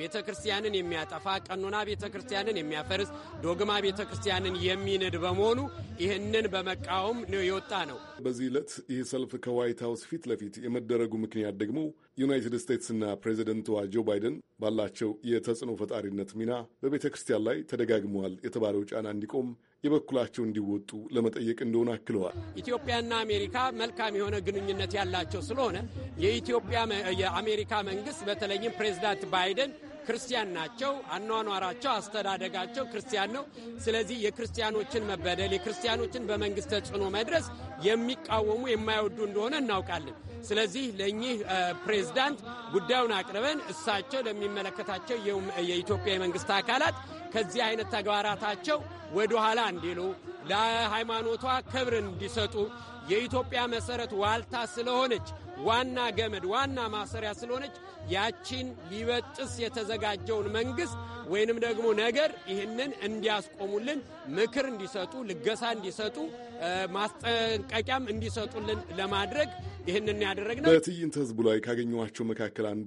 ቤተ ክርስቲያንን የሚያጠፋ ቀኖና ቤተ ክርስቲያንን የሚያፈርስ ዶግማ ቤተ ክርስቲያንን የሚንድ በመሆኑ ይህንን በመቃወም የወጣ ነው። በዚህ ዕለት ይህ ሰልፍ ከዋይት ሀውስ ፊት ለፊት የመደረጉ ምክንያት ደግሞ ዩናይትድ ስቴትስና ፕሬዚደንቷ ጆ ባይደን ባላቸው የተጽዕኖ ፈጣሪነት ሚና በቤተ ክርስቲያን ላይ ተደጋግመዋል የተባለው ጫና እንዲቆም የበኩላቸው እንዲወጡ ለመጠየቅ እንደሆነ አክለዋል። ኢትዮጵያና አሜሪካ መልካም የሆነ ግንኙነት ያላቸው ስለሆነ የኢትዮጵያ የአሜሪካ መንግስት በተለይም ፕሬዚዳንት ባይደን ክርስቲያን ናቸው። አኗኗራቸው፣ አስተዳደጋቸው ክርስቲያን ነው። ስለዚህ የክርስቲያኖችን መበደል፣ የክርስቲያኖችን በመንግስት ተጽዕኖ መድረስ የሚቃወሙ የማይወዱ እንደሆነ እናውቃለን። ስለዚህ ለእኚህ ፕሬዝዳንት ጉዳዩን አቅርበን እሳቸው ለሚመለከታቸው የኢትዮጵያ የመንግስት አካላት ከዚህ አይነት ተግባራታቸው ወደ ኋላ እንዲሉ ለሃይማኖቷ ክብር እንዲሰጡ የኢትዮጵያ መሰረት ዋልታ ስለሆነች ዋና ገመድ ዋና ማሰሪያ ስለሆነች ያቺን ሊበጥስ የተዘጋጀውን መንግስት ወይንም ደግሞ ነገር ይህንን እንዲያስቆሙልን ምክር እንዲሰጡ፣ ልገሳ እንዲሰጡ፣ ማስጠንቀቂያም እንዲሰጡልን ለማድረግ ይህንን ያደረግነው። በትዕይንተ ህዝቡ ላይ ካገኘኋቸው መካከል አንዱ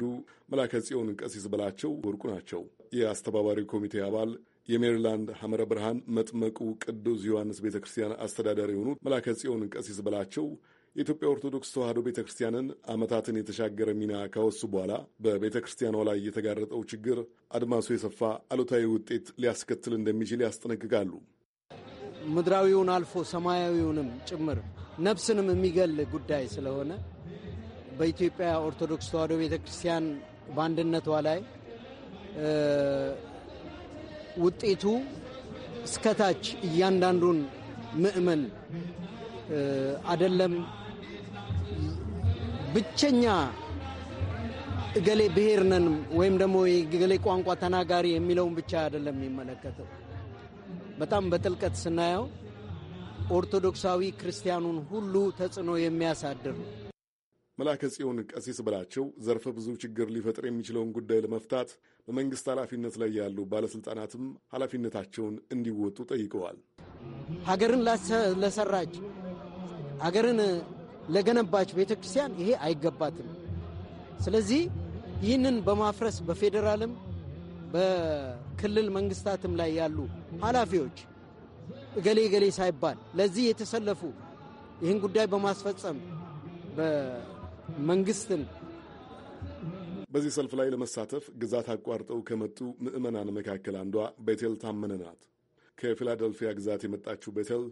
መላከ ጽዮን ቀሲስ በላቸው ወርቁ ናቸው። የአስተባባሪ ኮሚቴ አባል የሜሪላንድ ሐመረ ብርሃን መጥመቁ ቅዱስ ዮሐንስ ቤተ ክርስቲያን አስተዳዳሪ የሆኑት መላከ ጽዮን ቀሲስ በላቸው የኢትዮጵያ ኦርቶዶክስ ተዋሕዶ ቤተ ክርስቲያንን ዓመታትን የተሻገረ ሚና ካወሱ በኋላ በቤተ ክርስቲያኗ ላይ የተጋረጠው ችግር አድማሱ የሰፋ አሉታዊ ውጤት ሊያስከትል እንደሚችል ያስጠነቅቃሉ። ምድራዊውን አልፎ ሰማያዊውንም ጭምር ነፍስንም የሚገል ጉዳይ ስለሆነ በኢትዮጵያ ኦርቶዶክስ ተዋሕዶ ቤተ ክርስቲያን በአንድነቷ ላይ ውጤቱ እስከታች እያንዳንዱን ምእመን አደለም ብቸኛ እገሌ ብሔር ነን ወይም ደግሞ የገሌ ቋንቋ ተናጋሪ የሚለውን ብቻ አይደለም የሚመለከተው። በጣም በጥልቀት ስናየው ኦርቶዶክሳዊ ክርስቲያኑን ሁሉ ተጽዕኖ የሚያሳድር ነው። መላከ ጽዮን ቀሲስ ብላቸው ዘርፈ ብዙ ችግር ሊፈጥር የሚችለውን ጉዳይ ለመፍታት በመንግስት ኃላፊነት ላይ ያሉ ባለሥልጣናትም ኃላፊነታቸውን እንዲወጡ ጠይቀዋል። ሀገርን ለሰራች ሀገርን ለገነባች ቤተ ክርስቲያን ይሄ አይገባትም። ስለዚህ ይህንን በማፍረስ በፌዴራልም በክልል መንግስታትም ላይ ያሉ ኃላፊዎች እገሌ እገሌ ሳይባል ለዚህ የተሰለፉ ይህን ጉዳይ በማስፈጸም በመንግስትን በዚህ ሰልፍ ላይ ለመሳተፍ ግዛት አቋርጠው ከመጡ ምዕመናን መካከል አንዷ ቤቴል ታመነ ናት። ከፊላደልፊያ ግዛት የመጣችው ቤቴል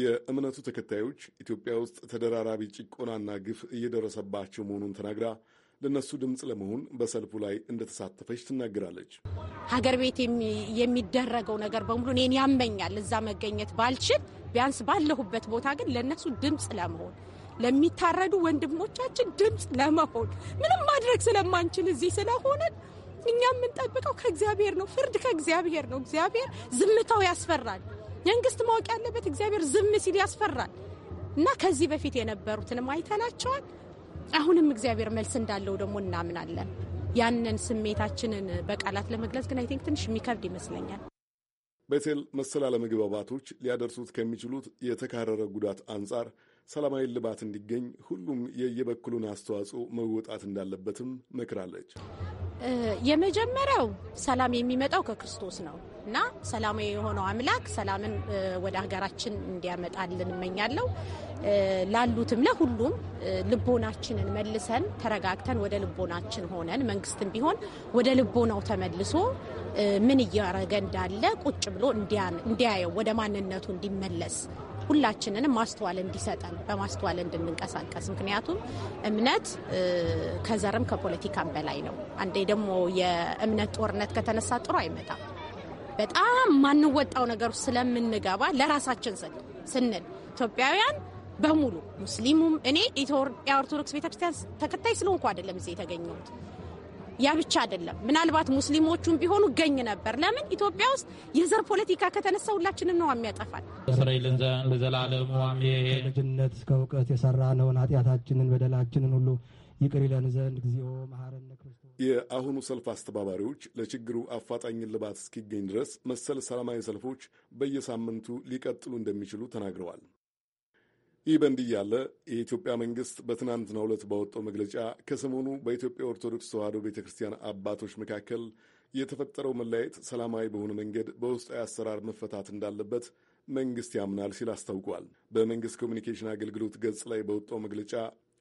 የእምነቱ ተከታዮች ኢትዮጵያ ውስጥ ተደራራቢ ጭቆናና ግፍ እየደረሰባቸው መሆኑን ተናግራ ለነሱ ድምፅ ለመሆን በሰልፉ ላይ እንደተሳተፈች ትናገራለች። ሀገር ቤት የሚደረገው ነገር በሙሉ እኔን ያመኛል። እዛ መገኘት ባልችል፣ ቢያንስ ባለሁበት ቦታ ግን ለነሱ ድምፅ ለመሆን ለሚታረዱ ወንድሞቻችን ድምፅ ለመሆን ምንም ማድረግ ስለማንችል እዚህ ስለሆነ እኛ የምንጠብቀው ከእግዚአብሔር ነው። ፍርድ ከእግዚአብሔር ነው። እግዚአብሔር ዝምታው ያስፈራል። መንግስት ማወቅ ያለበት እግዚአብሔር ዝም ሲል ያስፈራል እና ከዚህ በፊት የነበሩትንም አይተናቸዋል። አሁንም እግዚአብሔር መልስ እንዳለው ደግሞ እናምናለን። ያንን ስሜታችንን በቃላት ለመግለጽ ግን አይ ቲንክ ትንሽ የሚከብድ ይመስለኛል። ቤቴል መሰል አለመግባባቶች ሊያደርሱት ከሚችሉት የተካረረ ጉዳት አንጻር ሰላማዊ ልባት እንዲገኝ ሁሉም የየበኩሉን አስተዋጽኦ መወጣት እንዳለበትም መክራለች። የመጀመሪያው ሰላም የሚመጣው ከክርስቶስ ነው እና ሰላማዊ የሆነው አምላክ ሰላምን ወደ ሀገራችን እንዲያመጣልን እመኛለሁ። ላሉትም ለሁሉም ልቦናችንን መልሰን ተረጋግተን ወደ ልቦናችን ሆነን መንግስትም ቢሆን ወደ ልቦናው ተመልሶ ምን እያረገ እንዳለ ቁጭ ብሎ እንዲያየው ወደ ማንነቱ እንዲመለስ ሁላችንንም ማስተዋል እንዲሰጠን በማስተዋል እንድንንቀሳቀስ። ምክንያቱም እምነት ከዘርም ከፖለቲካም በላይ ነው። አንዴ ደግሞ የእምነት ጦርነት ከተነሳ ጥሩ አይመጣም። በጣም ማንወጣው ነገር ስለምንገባ ለራሳችን ስንል ኢትዮጵያውያን በሙሉ ሙስሊሙም እኔ ኢትዮጵያ ኦርቶዶክስ ቤተክርስቲያን ተከታይ ስለሆንኩ አይደለም እዚህ የተገኘሁት ያ ብቻ አይደለም። ምናልባት ሙስሊሞቹም ቢሆኑ ገኝ ነበር። ለምን ኢትዮጵያ ውስጥ የዘር ፖለቲካ ከተነሳ ሁላችንም ነው የሚያጠፋል። እስራኤልን ለዘላለሙ ልጅነት እስከ እውቀት የሰራነውን ኃጢአታችንን በደላችንን ሁሉ ይቅር ይለን ዘንድ ጊዜው መሐረነ ክርስቶስ። የአሁኑ ሰልፍ አስተባባሪዎች ለችግሩ አፋጣኝ ልባት እስኪገኝ ድረስ መሰል ሰላማዊ ሰልፎች በየሳምንቱ ሊቀጥሉ እንደሚችሉ ተናግረዋል። ይህ በእንዲህ ያለ የኢትዮጵያ መንግስት በትናንትናው ዕለት ባወጣው መግለጫ ከሰሞኑ በኢትዮጵያ ኦርቶዶክስ ተዋሕዶ ቤተ ክርስቲያን አባቶች መካከል የተፈጠረው መለያየት ሰላማዊ በሆነ መንገድ በውስጣዊ አሰራር መፈታት እንዳለበት መንግስት ያምናል ሲል አስታውቋል። በመንግስት ኮሚኒኬሽን አገልግሎት ገጽ ላይ በወጣው መግለጫ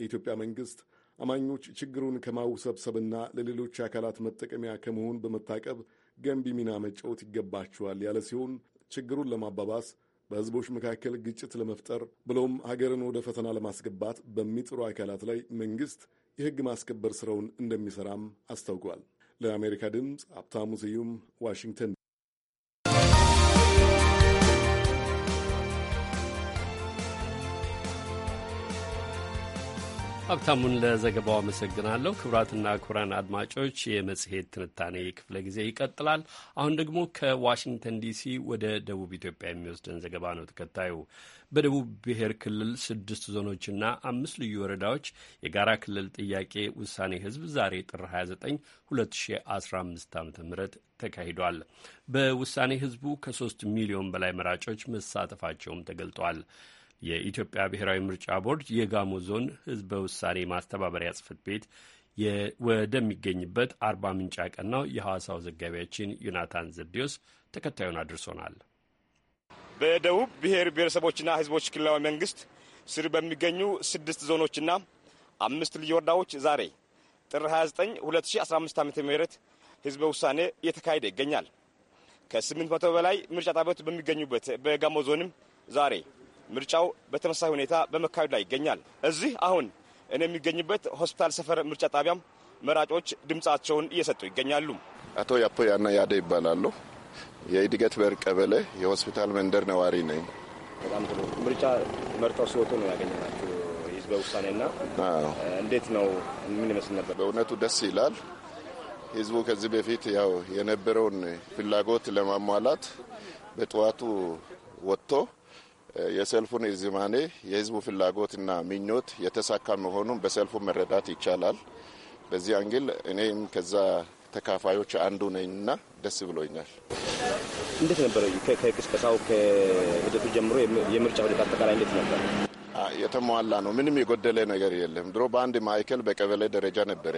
የኢትዮጵያ መንግስት አማኞች ችግሩን ከማውሰብሰብና ለሌሎች አካላት መጠቀሚያ ከመሆን በመታቀብ ገንቢ ሚና መጫወት ይገባቸዋል ያለ ሲሆን ችግሩን ለማባባስ በህዝቦች መካከል ግጭት ለመፍጠር ብሎም ሀገርን ወደ ፈተና ለማስገባት በሚጥሩ አካላት ላይ መንግስት የህግ ማስከበር ስራውን እንደሚሰራም አስታውቋል። ለአሜሪካ ድምፅ ሀብታሙ ስዩም ዋሽንግተን ሀብታሙን ለዘገባው አመሰግናለሁ። ክቡራትና ክቡራን አድማጮች የመጽሔት ትንታኔ ክፍለ ጊዜ ይቀጥላል። አሁን ደግሞ ከዋሽንግተን ዲሲ ወደ ደቡብ ኢትዮጵያ የሚወስደን ዘገባ ነው ተከታዩ። በደቡብ ብሔር ክልል ስድስት ዞኖችና አምስት ልዩ ወረዳዎች የጋራ ክልል ጥያቄ ውሳኔ ህዝብ ዛሬ ጥር 29 2015 ዓ ም ተካሂዷል። በውሳኔ ህዝቡ ከሶስት ሚሊዮን በላይ መራጮች መሳተፋቸውም ተገልጧል። የኢትዮጵያ ብሔራዊ ምርጫ ቦርድ የጋሞ ዞን ህዝበ ውሳኔ ማስተባበሪያ ጽህፈት ቤት ወደሚገኝበት አርባ ምንጭ ያቀናው የሐዋሳው ዘጋቢያችን ዮናታን ዘዴዎስ ተከታዩን አድርሶናል። በደቡብ ብሔር ብሔረሰቦችና ህዝቦች ክልላዊ መንግስት ስር በሚገኙ ስድስት ዞኖችና አምስት ልዩ ወረዳዎች ዛሬ ጥር 29 2015 ዓ ም ህዝበ ውሳኔ እየተካሄደ ይገኛል። ከ800 በላይ ምርጫ ጣቢያዎች በሚገኙበት በጋሞ ዞንም ዛሬ ምርጫው በተመሳሳይ ሁኔታ በመካሄድ ላይ ይገኛል። እዚህ አሁን እኔ የሚገኝበት ሆስፒታል ሰፈር ምርጫ ጣቢያም መራጮች ድምፃቸውን እየሰጡ ይገኛሉ። አቶ ያፖ ያና ያደ ይባላሉ። የእድገት በር ቀበሌ የሆስፒታል መንደር ነዋሪ ነኝ። በጣም ጥሩ። ምርጫ መርጠው ሲወጡ ነው ያገኘናቸው የህዝበ ውሳኔና እንዴት ነው? ምን ይመስል ነበር? በእውነቱ ደስ ይላል። ህዝቡ ከዚህ በፊት ያው የነበረውን ፍላጎት ለማሟላት በጠዋቱ ወጥቶ የሰልፉን እርዝማኔ የህዝቡ ፍላጎትና ምኞት የተሳካ መሆኑን በሰልፉ መረዳት ይቻላል። በዚህ አንግል እኔም ከዛ ተካፋዮች አንዱ ነኝና ደስ ብሎኛል። እንዴት ነበረ ከቅስቀሳው ከሂደቱ ጀምሮ የምርጫ ሂደት አጠቃላይ እንዴት ነበር? የተሟላ ነው። ምንም የጎደለ ነገር የለም። ድሮ በአንድ ማዕከል በቀበሌ ደረጃ ነበረ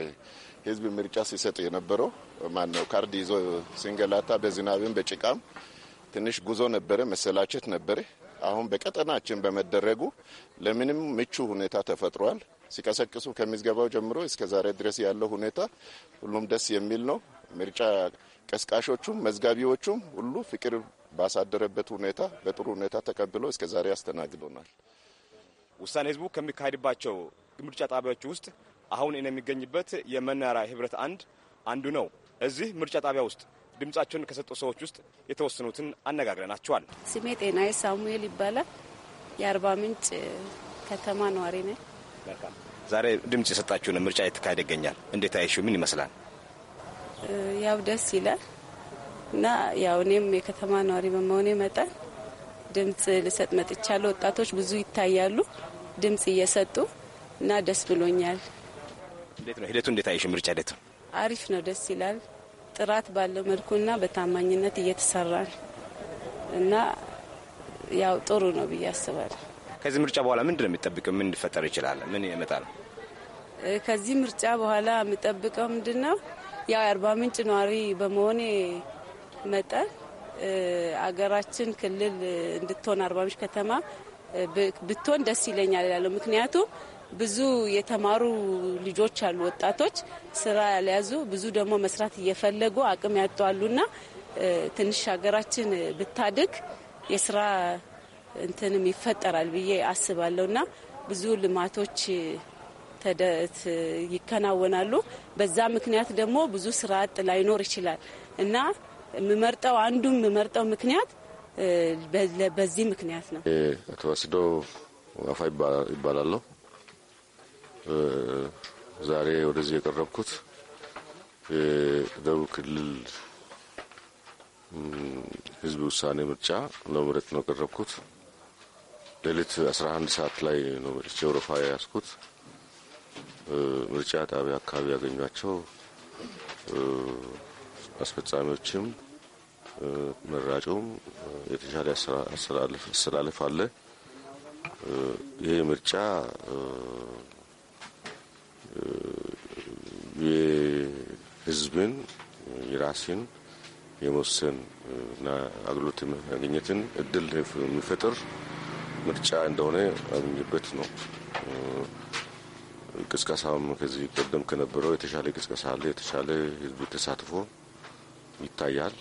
ህዝብ ምርጫ ሲሰጥ የነበረው ማን ነው ካርድ ይዞ ሲንገላታ በዝናብም በጭቃም ትንሽ ጉዞ ነበረ፣ መሰላቸት ነበረ። አሁን በቀጠናችን በመደረጉ ለምንም ምቹ ሁኔታ ተፈጥሯል። ሲቀሰቅሱ ከሚዝገባው ጀምሮ እስከ ዛሬ ድረስ ያለው ሁኔታ ሁሉም ደስ የሚል ነው። ምርጫ ቀስቃሾቹም መዝጋቢዎቹም ሁሉ ፍቅር ባሳደረበት ሁኔታ በጥሩ ሁኔታ ተቀብሎ እስከ ዛሬ አስተናግዶናል። ውሳኔ ህዝቡ ከሚካሄድባቸው ምርጫ ጣቢያዎች ውስጥ አሁን የሚገኝበት የመናራ ህብረት አንድ አንዱ ነው። እዚህ ምርጫ ጣቢያ ውስጥ ድምጻቸውን ከሰጡ ሰዎች ውስጥ የተወሰኑትን አነጋግረናቸዋል። ስሜ ጤናዬ ሳሙኤል ይባላል። የአርባ ምንጭ ከተማ ነዋሪ ነኝ። መልካም። ዛሬ ድምጽ የሰጣችሁን ምርጫ የተካሄደ ይገኛል። እንዴት አይሹ? ምን ይመስላል? ያው ደስ ይላል እና ያው እኔም የከተማ ነዋሪ በመሆኔ መጠን ድምጽ ልሰጥ መጥቻለሁ። ወጣቶች ብዙ ይታያሉ ድምጽ እየሰጡ እና ደስ ብሎኛል። እንዴት ነው ሂደቱ? እንዴት አይሽ? ምርጫ ሂደቱ አሪፍ ነው፣ ደስ ይላል። ጥራት ባለው መልኩና በታማኝነት እየተሰራ ነው እና ያው ጥሩ ነው ብዬ አስባለሁ። ከዚህ ምርጫ በኋላ ምንድን ነው የሚጠብቀው? ምን ሊፈጠር ይችላል? ምን ይመጣል? ከዚህ ምርጫ በኋላ የምጠብቀው ምንድን ነው? ያው የአርባ ምንጭ ነዋሪ በመሆኔ መጠን አገራችን ክልል እንድትሆን አርባ ምንጭ ከተማ ብትሆን ደስ ይለኛል ያለው ምክንያቱም ብዙ የተማሩ ልጆች አሉ፣ ወጣቶች ስራ ያልያዙ ብዙ ደግሞ መስራት እየፈለጉ አቅም ያጧሉና ትንሽ ሀገራችን ብታድግ የስራ እንትንም ይፈጠራል ብዬ አስባለሁና ብዙ ልማቶች ይከናወናሉ። በዛ ምክንያት ደግሞ ብዙ ስራ አጥ ላይኖር ይችላል እና የምመርጠው አንዱም የምመርጠው ምክንያት በዚህ ምክንያት ነው። አቶ ወስዶ ይባላለሁ ዛሬ ወደዚህ የቀረብኩት የደቡብ ክልል ህዝብ ውሳኔ ምርጫ ለመምረጥ ነው የቀረብኩት። ሌሊት 11 ሰዓት ላይ ነው ቼውረፋ የያዝኩት። ምርጫ ጣቢያ አካባቢ ያገኟቸው አስፈጻሚዎችም መራጩም የተሻለ አሰላለፍ አለ። ይህ ምርጫ የህዝብን የራሴን የመወሰን እና አገልግሎት ያገኘትን እድል የሚፈጥር ምርጫ እንደሆነ አምኜበት ነው። ቅስቀሳም ከዚህ ቀደም ከነበረው የተሻለ ቅስቀሳ አለ። የተሻለ ህዝብ ተሳትፎ ይታያል።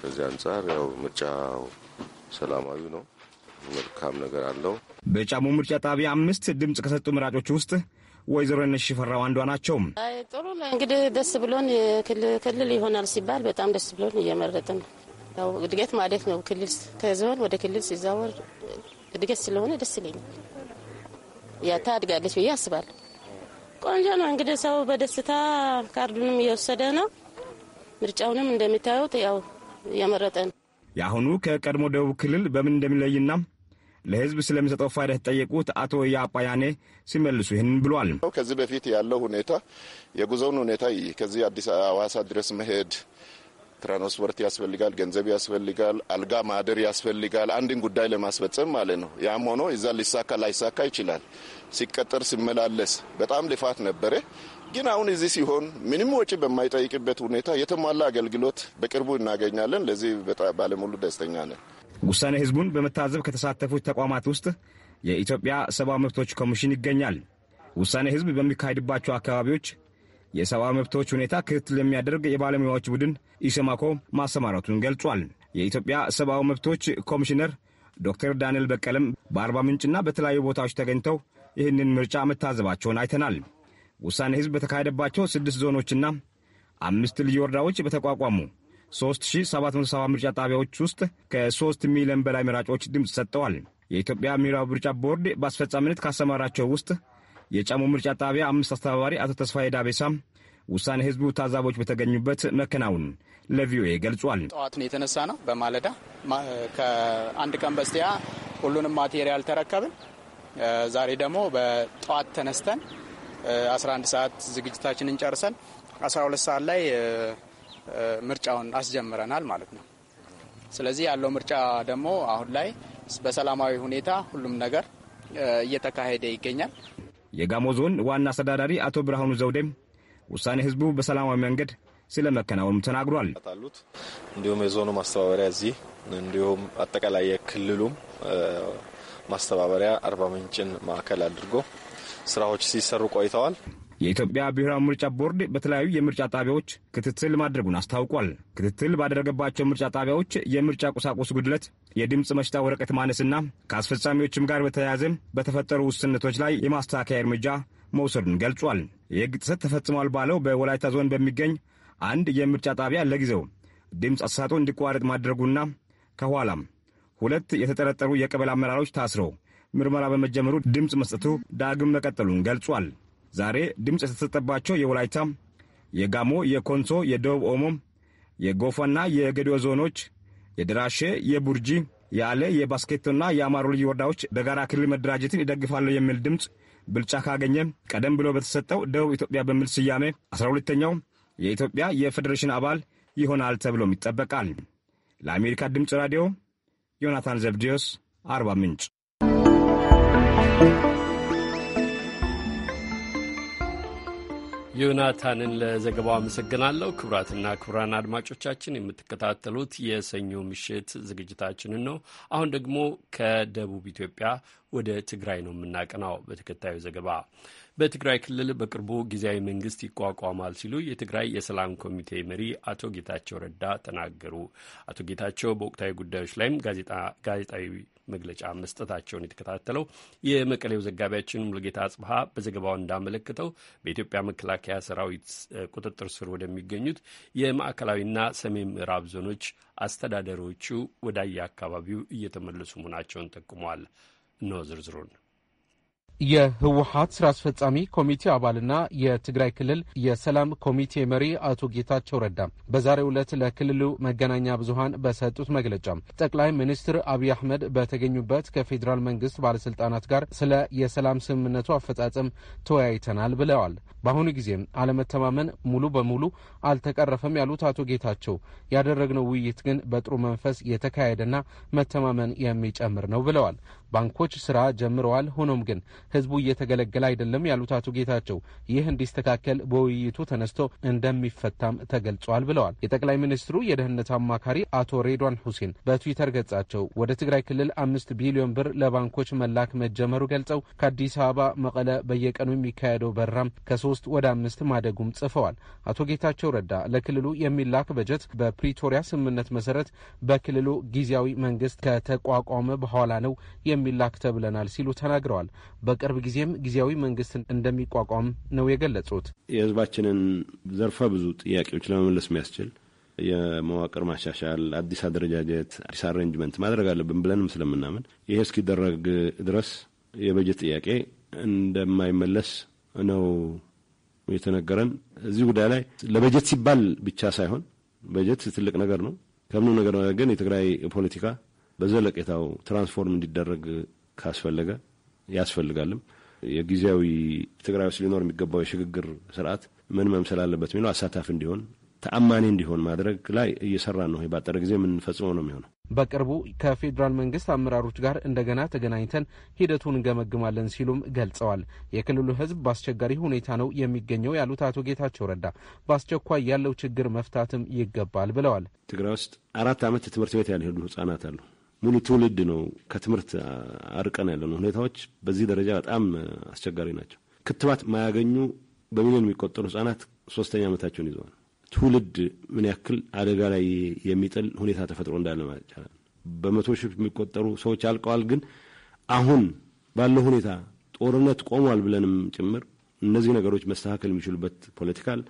ከዚህ አንጻር ያው ምርጫው ሰላማዊ ነው፣ መልካም ነገር አለው። በጫሙ ምርጫ ጣቢያ አምስት ድምፅ ከሰጡ መራጮች ውስጥ ወይዘሮ ነሽ ሽፈራው አንዷ ናቸው። ጥሩ ነው እንግዲህ ደስ ብሎን ክልል ይሆናል ሲባል በጣም ደስ ብሎን እየመረጥን ነው። እድገት ማለት ነው። ክልል ከዞን ወደ ክልል ሲዛወር እድገት ስለሆነ ደስ ይለኛል። ያ ታድጋለች ብዬ አስባለሁ። ቆንጆ ነው እንግዲህ ሰው በደስታ ካርዱንም እየወሰደ ነው። ምርጫውንም እንደሚታዩት ያው እየመረጠ ነው። የአሁኑ ከቀድሞ ደቡብ ክልል በምን እንደሚለይና ለህዝብ ስለሚሰጠው ፋይዳ የተጠየቁት አቶ ያጳያኔ ሲመልሱ ይህን ብሏል። ከዚህ በፊት ያለው ሁኔታ የጉዞውን ሁኔታ ከዚህ አዲስ አዋሳ ድረስ መሄድ ትራንስፖርት ያስፈልጋል፣ ገንዘብ ያስፈልጋል፣ አልጋ ማደር ያስፈልጋል። አንድን ጉዳይ ለማስፈጸም ማለት ነው። ያም ሆኖ እዛ ሊሳካ ላይሳካ ይችላል። ሲቀጠር ሲመላለስ በጣም ልፋት ነበረ። ግን አሁን እዚህ ሲሆን ምንም ወጪ በማይጠይቅበት ሁኔታ የተሟላ አገልግሎት በቅርቡ እናገኛለን። ለዚህ ባለሙሉ ደስተኛ ነን። ውሳኔ ህዝቡን በመታዘብ ከተሳተፉት ተቋማት ውስጥ የኢትዮጵያ ሰብአዊ መብቶች ኮሚሽን ይገኛል። ውሳኔ ህዝብ በሚካሄድባቸው አካባቢዎች የሰብአዊ መብቶች ሁኔታ ክትትል የሚያደርግ የባለሙያዎች ቡድን ኢሰማኮ ማሰማራቱን ገልጿል። የኢትዮጵያ ሰብአዊ መብቶች ኮሚሽነር ዶክተር ዳንኤል በቀለም በአርባ ምንጭና በተለያዩ ቦታዎች ተገኝተው ይህንን ምርጫ መታዘባቸውን አይተናል። ውሳኔ ህዝብ በተካሄደባቸው ስድስት ዞኖችና አምስት ልዩ ወረዳዎች በተቋቋሙ 3770 ምርጫ ጣቢያዎች ውስጥ ከ3 ሚሊዮን በላይ መራጮች ድምፅ ሰጥተዋል። የኢትዮጵያ ብሔራዊ ምርጫ ቦርድ በአስፈጻሚነት ካሰማራቸው ውስጥ የጫሞ ምርጫ ጣቢያ አምስት አስተባባሪ አቶ ተስፋዬ ዳቤሳ ውሳኔ ህዝቡ ታዛቦች በተገኙበት መከናወን ለቪኦኤ ገልጿል። ጠዋት ነው የተነሳ ነው። በማለዳ ከአንድ ቀን በስቲያ ሁሉንም ማቴሪያል ተረከብን። ዛሬ ደግሞ በጠዋት ተነስተን 11 ሰዓት ዝግጅታችንን ጨርሰን 12 ሰዓት ላይ ምርጫውን አስጀምረናል ማለት ነው። ስለዚህ ያለው ምርጫ ደግሞ አሁን ላይ በሰላማዊ ሁኔታ ሁሉም ነገር እየተካሄደ ይገኛል። የጋሞ ዞን ዋና አስተዳዳሪ አቶ ብርሃኑ ዘውዴም ውሳኔ ህዝቡ በሰላማዊ መንገድ ስለ መከናወኑ ተናግሯል። እንዲሁም የዞኑ ማስተባበሪያ እዚህ እንዲሁም አጠቃላይ የክልሉም ማስተባበሪያ አርባ ምንጭን ማዕከል አድርጎ ስራዎች ሲሰሩ ቆይተዋል። የኢትዮጵያ ብሔራዊ ምርጫ ቦርድ በተለያዩ የምርጫ ጣቢያዎች ክትትል ማድረጉን አስታውቋል። ክትትል ባደረገባቸው ምርጫ ጣቢያዎች የምርጫ ቁሳቁስ ጉድለት፣ የድምፅ መስጫ ወረቀት ማነስና ከአስፈጻሚዎችም ጋር በተያያዘ በተፈጠሩ ውስንነቶች ላይ የማስተካከያ እርምጃ መውሰዱን ገልጿል። የሕግ ጥሰት ተፈጽሟል ባለው በወላይታ ዞን በሚገኝ አንድ የምርጫ ጣቢያ ለጊዜው ድምፅ አሰጣጡ እንዲቋረጥ ማድረጉና ከኋላም ሁለት የተጠረጠሩ የቀበሌ አመራሮች ታስረው ምርመራ በመጀመሩ ድምፅ መስጠቱ ዳግም መቀጠሉን ገልጿል። ዛሬ ድምፅ የተሰጠባቸው የወላይታ፣ የጋሞ፣ የኮንሶ፣ የደቡብ ኦሞ፣ የጎፋና የገዲዮ ዞኖች፣ የድራሼ፣ የቡርጂ፣ ያለ የባስኬቶና የአማሮ ልዩ ወረዳዎች በጋራ ክልል መደራጀትን ይደግፋለሁ የሚል ድምፅ ብልጫ ካገኘ ቀደም ብሎ በተሰጠው ደቡብ ኢትዮጵያ በሚል ስያሜ 12 ሁለተኛው የኢትዮጵያ የፌዴሬሽን አባል ይሆናል ተብሎም ይጠበቃል። ለአሜሪካ ድምፅ ራዲዮ ዮናታን ዘብዲዮስ አርባ ምንጭ ዮናታንን ለዘገባው አመሰግናለሁ። ክቡራትና ክቡራን አድማጮቻችን የምትከታተሉት የሰኞ ምሽት ዝግጅታችንን ነው። አሁን ደግሞ ከደቡብ ኢትዮጵያ ወደ ትግራይ ነው የምናቀናው። በተከታዩ ዘገባ በትግራይ ክልል በቅርቡ ጊዜያዊ መንግስት ይቋቋማል ሲሉ የትግራይ የሰላም ኮሚቴ መሪ አቶ ጌታቸው ረዳ ተናገሩ። አቶ ጌታቸው በወቅታዊ ጉዳዮች ላይም ጋዜጣዊ መግለጫ መስጠታቸውን የተከታተለው የመቀሌው ዘጋቢያችን ሙልጌታ አጽብሃ በዘገባው እንዳመለክተው በኢትዮጵያ መከላከያ ሰራዊት ቁጥጥር ስር ወደሚገኙት የማዕከላዊና ሰሜን ምዕራብ ዞኖች አስተዳደሮቹ ወዳየ አካባቢው እየተመለሱ መሆናቸውን ጠቁመዋል። እነሆ ዝርዝሩን የህወሀት ስራ አስፈጻሚ ኮሚቴ አባልና የትግራይ ክልል የሰላም ኮሚቴ መሪ አቶ ጌታቸው ረዳ በዛሬው ዕለት ለክልሉ መገናኛ ብዙሀን በሰጡት መግለጫ ጠቅላይ ሚኒስትር አብይ አህመድ በተገኙበት ከፌዴራል መንግስት ባለስልጣናት ጋር ስለ የሰላም ስምምነቱ አፈጻጸም ተወያይተናል ብለዋል። በአሁኑ ጊዜም አለመተማመን ሙሉ በሙሉ አልተቀረፈም ያሉት አቶ ጌታቸው ያደረግነው ውይይት ግን በጥሩ መንፈስ የተካሄደና መተማመን የሚጨምር ነው ብለዋል። ባንኮች ስራ ጀምረዋል። ሆኖም ግን ህዝቡ እየተገለገለ አይደለም ያሉት አቶ ጌታቸው ይህ እንዲስተካከል በውይይቱ ተነስቶ እንደሚፈታም ተገልጿል ብለዋል። የጠቅላይ ሚኒስትሩ የደህንነት አማካሪ አቶ ሬድዋን ሁሴን በትዊተር ገጻቸው ወደ ትግራይ ክልል አምስት ቢሊዮን ብር ለባንኮች መላክ መጀመሩ ገልጸው ከአዲስ አበባ መቀለ በየቀኑ የሚካሄደው በራም ከሶስት ወደ አምስት ማደጉም ጽፈዋል። አቶ ጌታቸው ረዳ ለክልሉ የሚላክ በጀት በፕሪቶሪያ ስምምነት መሰረት በክልሉ ጊዜያዊ መንግስት ከተቋቋመ በኋላ ነው የሚላክ ተብለናል ሲሉ ተናግረዋል። በቅርብ ጊዜም ጊዜያዊ መንግስት እንደሚቋቋም ነው የገለጹት። የህዝባችንን ዘርፈ ብዙ ጥያቄዎች ለመመለስ የሚያስችል የመዋቅር ማሻሻል፣ አዲስ አደረጃጀት፣ አዲስ አሬንጅመንት ማድረግ አለብን ብለንም ስለምናምን ይሄ እስኪደረግ ድረስ የበጀት ጥያቄ እንደማይመለስ ነው የተነገረን። እዚህ ጉዳይ ላይ ለበጀት ሲባል ብቻ ሳይሆን በጀት ትልቅ ነገር ነው። ከምንም ነገር ግን የትግራይ ፖለቲካ በዘለቄታው ትራንስፎርም እንዲደረግ ካስፈለገ ያስፈልጋልም። የጊዜያዊ ትግራይ ውስጥ ሊኖር የሚገባው የሽግግር ስርዓት ምን መምሰል አለበት የሚለው አሳታፍ እንዲሆን ተአማኒ እንዲሆን ማድረግ ላይ እየሰራ ነው። ባጠረ ጊዜ የምንፈጽመው ነው የሚሆነው። በቅርቡ ከፌዴራል መንግስት አመራሮች ጋር እንደገና ተገናኝተን ሂደቱን እንገመግማለን ሲሉም ገልጸዋል። የክልሉ ሕዝብ በአስቸጋሪ ሁኔታ ነው የሚገኘው ያሉት አቶ ጌታቸው ረዳ በአስቸኳይ ያለው ችግር መፍታትም ይገባል ብለዋል። ትግራይ ውስጥ አራት ዓመት ትምህርት ቤት ያልሄዱ ህጻናት አሉ። ሙሉ ትውልድ ነው ከትምህርት አርቀን ያለነው። ሁኔታዎች በዚህ ደረጃ በጣም አስቸጋሪ ናቸው። ክትባት ማያገኙ በሚሊዮን የሚቆጠሩ ህጻናት ሶስተኛ ዓመታቸውን ይዘዋል። ትውልድ ምን ያክል አደጋ ላይ የሚጥል ሁኔታ ተፈጥሮ እንዳለ ማለት ይቻላል። በመቶ ሺህ የሚቆጠሩ ሰዎች አልቀዋል። ግን አሁን ባለው ሁኔታ ጦርነት ቆሟል ብለንም ጭምር እነዚህ ነገሮች መስተካከል የሚችሉበት ፖለቲካል፣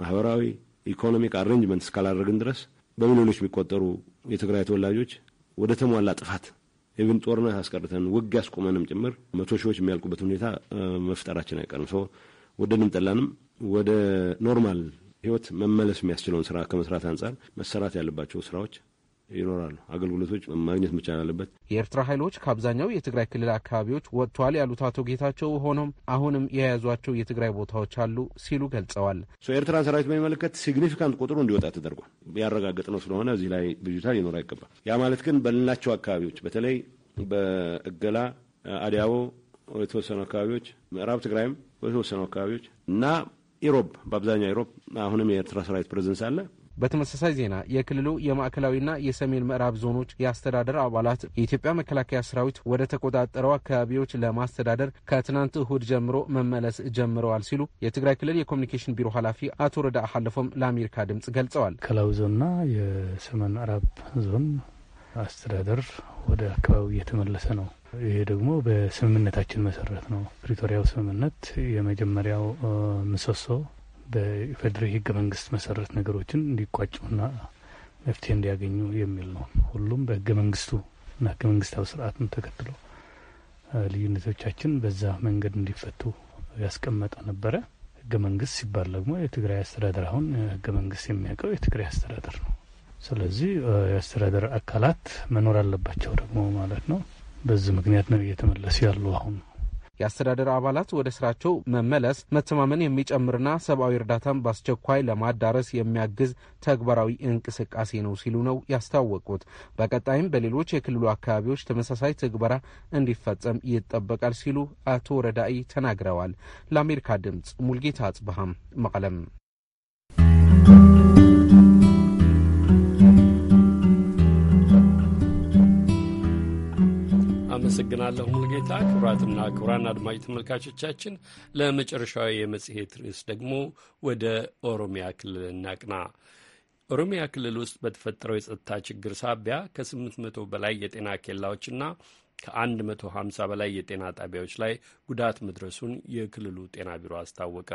ማህበራዊ፣ ኢኮኖሚክ አሬንጅመንት እስካላደረግን ድረስ በሚሊዮኖች የሚቆጠሩ የትግራይ ተወላጆች ወደ ተሟላ ጥፋት ኢቭን ጦርነት አስቀርተን ውግ ያስቆመንም ጭምር መቶ ሺዎች የሚያልቁበት ሁኔታ መፍጠራችን አይቀርም። ሰው ወደድንም ጠላንም ወደ ኖርማል ህይወት መመለስ የሚያስችለውን ስራ ከመስራት አንጻር መሰራት ያለባቸው ስራዎች ይኖራሉ። አገልግሎቶች ማግኘት መቻል አለበት። የኤርትራ ኃይሎች ከአብዛኛው የትግራይ ክልል አካባቢዎች ወጥቷል ያሉት አቶ ጌታቸው፣ ሆኖም አሁንም የያዟቸው የትግራይ ቦታዎች አሉ ሲሉ ገልጸዋል። ኤርትራን ሰራዊት በሚመለከት ሲግኒፊካንት ቁጥሩ እንዲወጣ ተደርጓል። ያረጋገጥ ነው ስለሆነ እዚህ ላይ ብዥታ ሊኖር አይገባም። ያ ማለት ግን በሌላቸው አካባቢዎች በተለይ በእገላ አዲያቦ የተወሰኑ አካባቢዎች ምዕራብ ትግራይም የተወሰኑ አካባቢዎች እና ኢሮብ በአብዛኛው ኢሮብ አሁንም የኤርትራ ሰራዊት ፕሬዘንስ አለ። በተመሳሳይ ዜና የክልሉ የማዕከላዊና የሰሜን ምዕራብ ዞኖች የአስተዳደር አባላት የኢትዮጵያ መከላከያ ሰራዊት ወደ ተቆጣጠረው አካባቢዎች ለማስተዳደር ከትናንት እሁድ ጀምሮ መመለስ ጀምረዋል ሲሉ የትግራይ ክልል የኮሚኒኬሽን ቢሮ ኃላፊ አቶ ረዳ አሐልፎም ለአሜሪካ ድምጽ ገልጸዋል። ማዕከላዊ ዞንና የሰሜን ምዕራብ ዞን አስተዳደር ወደ አካባቢ እየተመለሰ ነው። ይሄ ደግሞ በስምምነታችን መሰረት ነው። ፕሪቶሪያው ስምምነት የመጀመሪያው ምሰሶ በፌዴሪ ህገ መንግስት መሰረት ነገሮችን እንዲቋጩና መፍትሄ እንዲያገኙ የሚል ነው። ሁሉም በህገ መንግስቱ እና ህገ መንግስታዊ ስርአትን ተከትሎ ልዩነቶቻችን በዛ መንገድ እንዲፈቱ ያስቀመጠ ነበረ። ህገ መንግስት ሲባል ደግሞ የትግራይ አስተዳደር አሁን ህገ መንግስት የሚያውቀው የትግራይ አስተዳደር ነው። ስለዚህ የአስተዳደር አካላት መኖር አለባቸው ደግሞ ማለት ነው። በዚህ ምክንያት ነው እየተመለሱ ያሉ አሁን የአስተዳደር አባላት ወደ ስራቸው መመለስ መተማመን የሚጨምርና ሰብአዊ እርዳታን በአስቸኳይ ለማዳረስ የሚያግዝ ተግባራዊ እንቅስቃሴ ነው ሲሉ ነው ያስታወቁት። በቀጣይም በሌሎች የክልሉ አካባቢዎች ተመሳሳይ ትግበራ እንዲፈጸም ይጠበቃል ሲሉ አቶ ረዳኢ ተናግረዋል። ለአሜሪካ ድምጽ ሙልጌታ አጽብሃም መቀለም አመሰግናለሁ ሙልጌታ። ክቡራትና ክቡራን አድማጭ ተመልካቾቻችን ለመጨረሻዊ የመጽሔት ርዕስ ደግሞ ወደ ኦሮሚያ ክልል እናቅና። ኦሮሚያ ክልል ውስጥ በተፈጠረው የጸጥታ ችግር ሳቢያ ከ800 በላይ የጤና ኬላዎችና ከ150 በላይ የጤና ጣቢያዎች ላይ ጉዳት መድረሱን የክልሉ ጤና ቢሮ አስታወቀ።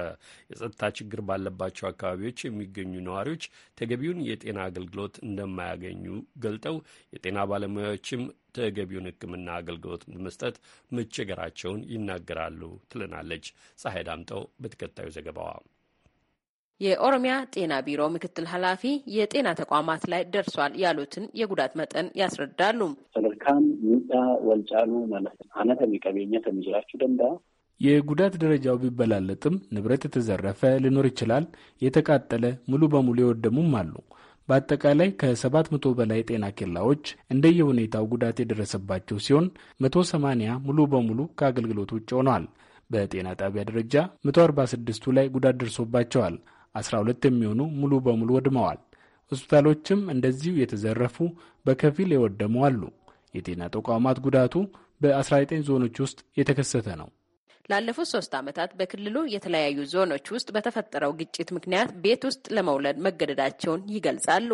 የጸጥታ ችግር ባለባቸው አካባቢዎች የሚገኙ ነዋሪዎች ተገቢውን የጤና አገልግሎት እንደማያገኙ ገልጠው የጤና ባለሙያዎችም ተገቢውን ሕክምና አገልግሎት በመስጠት መቸገራቸውን ይናገራሉ ትለናለች ፀሐይ ዳምጠው በተከታዩ ዘገባዋ። የኦሮሚያ ጤና ቢሮ ምክትል ኃላፊ የጤና ተቋማት ላይ ደርሷል ያሉትን የጉዳት መጠን ያስረዳሉ። ሰለካን ሚዳ ወልጫኑ ማለት አነተ ሚቀቤኘት የሚችላችሁ ደንዳ የጉዳት ደረጃው ቢበላለጥም ንብረት የተዘረፈ ሊኖር ይችላል። የተቃጠለ ሙሉ በሙሉ የወደሙም አሉ። በአጠቃላይ ከሰባት መቶ በላይ ጤና ኬላዎች እንደየሁኔታው ጉዳት የደረሰባቸው ሲሆን መቶ ሰማንያ ሙሉ በሙሉ ከአገልግሎት ውጭ ሆነዋል። በጤና ጣቢያ ደረጃ 146ቱ ላይ ጉዳት ደርሶባቸዋል። 12 የሚሆኑ ሙሉ በሙሉ ወድመዋል። ሆስፒታሎችም እንደዚሁ የተዘረፉ፣ በከፊል የወደሙ አሉ። የጤና ተቋማት ጉዳቱ በ19 ዞኖች ውስጥ የተከሰተ ነው። ላለፉት ሶስት ዓመታት በክልሉ የተለያዩ ዞኖች ውስጥ በተፈጠረው ግጭት ምክንያት ቤት ውስጥ ለመውለድ መገደዳቸውን ይገልጻሉ።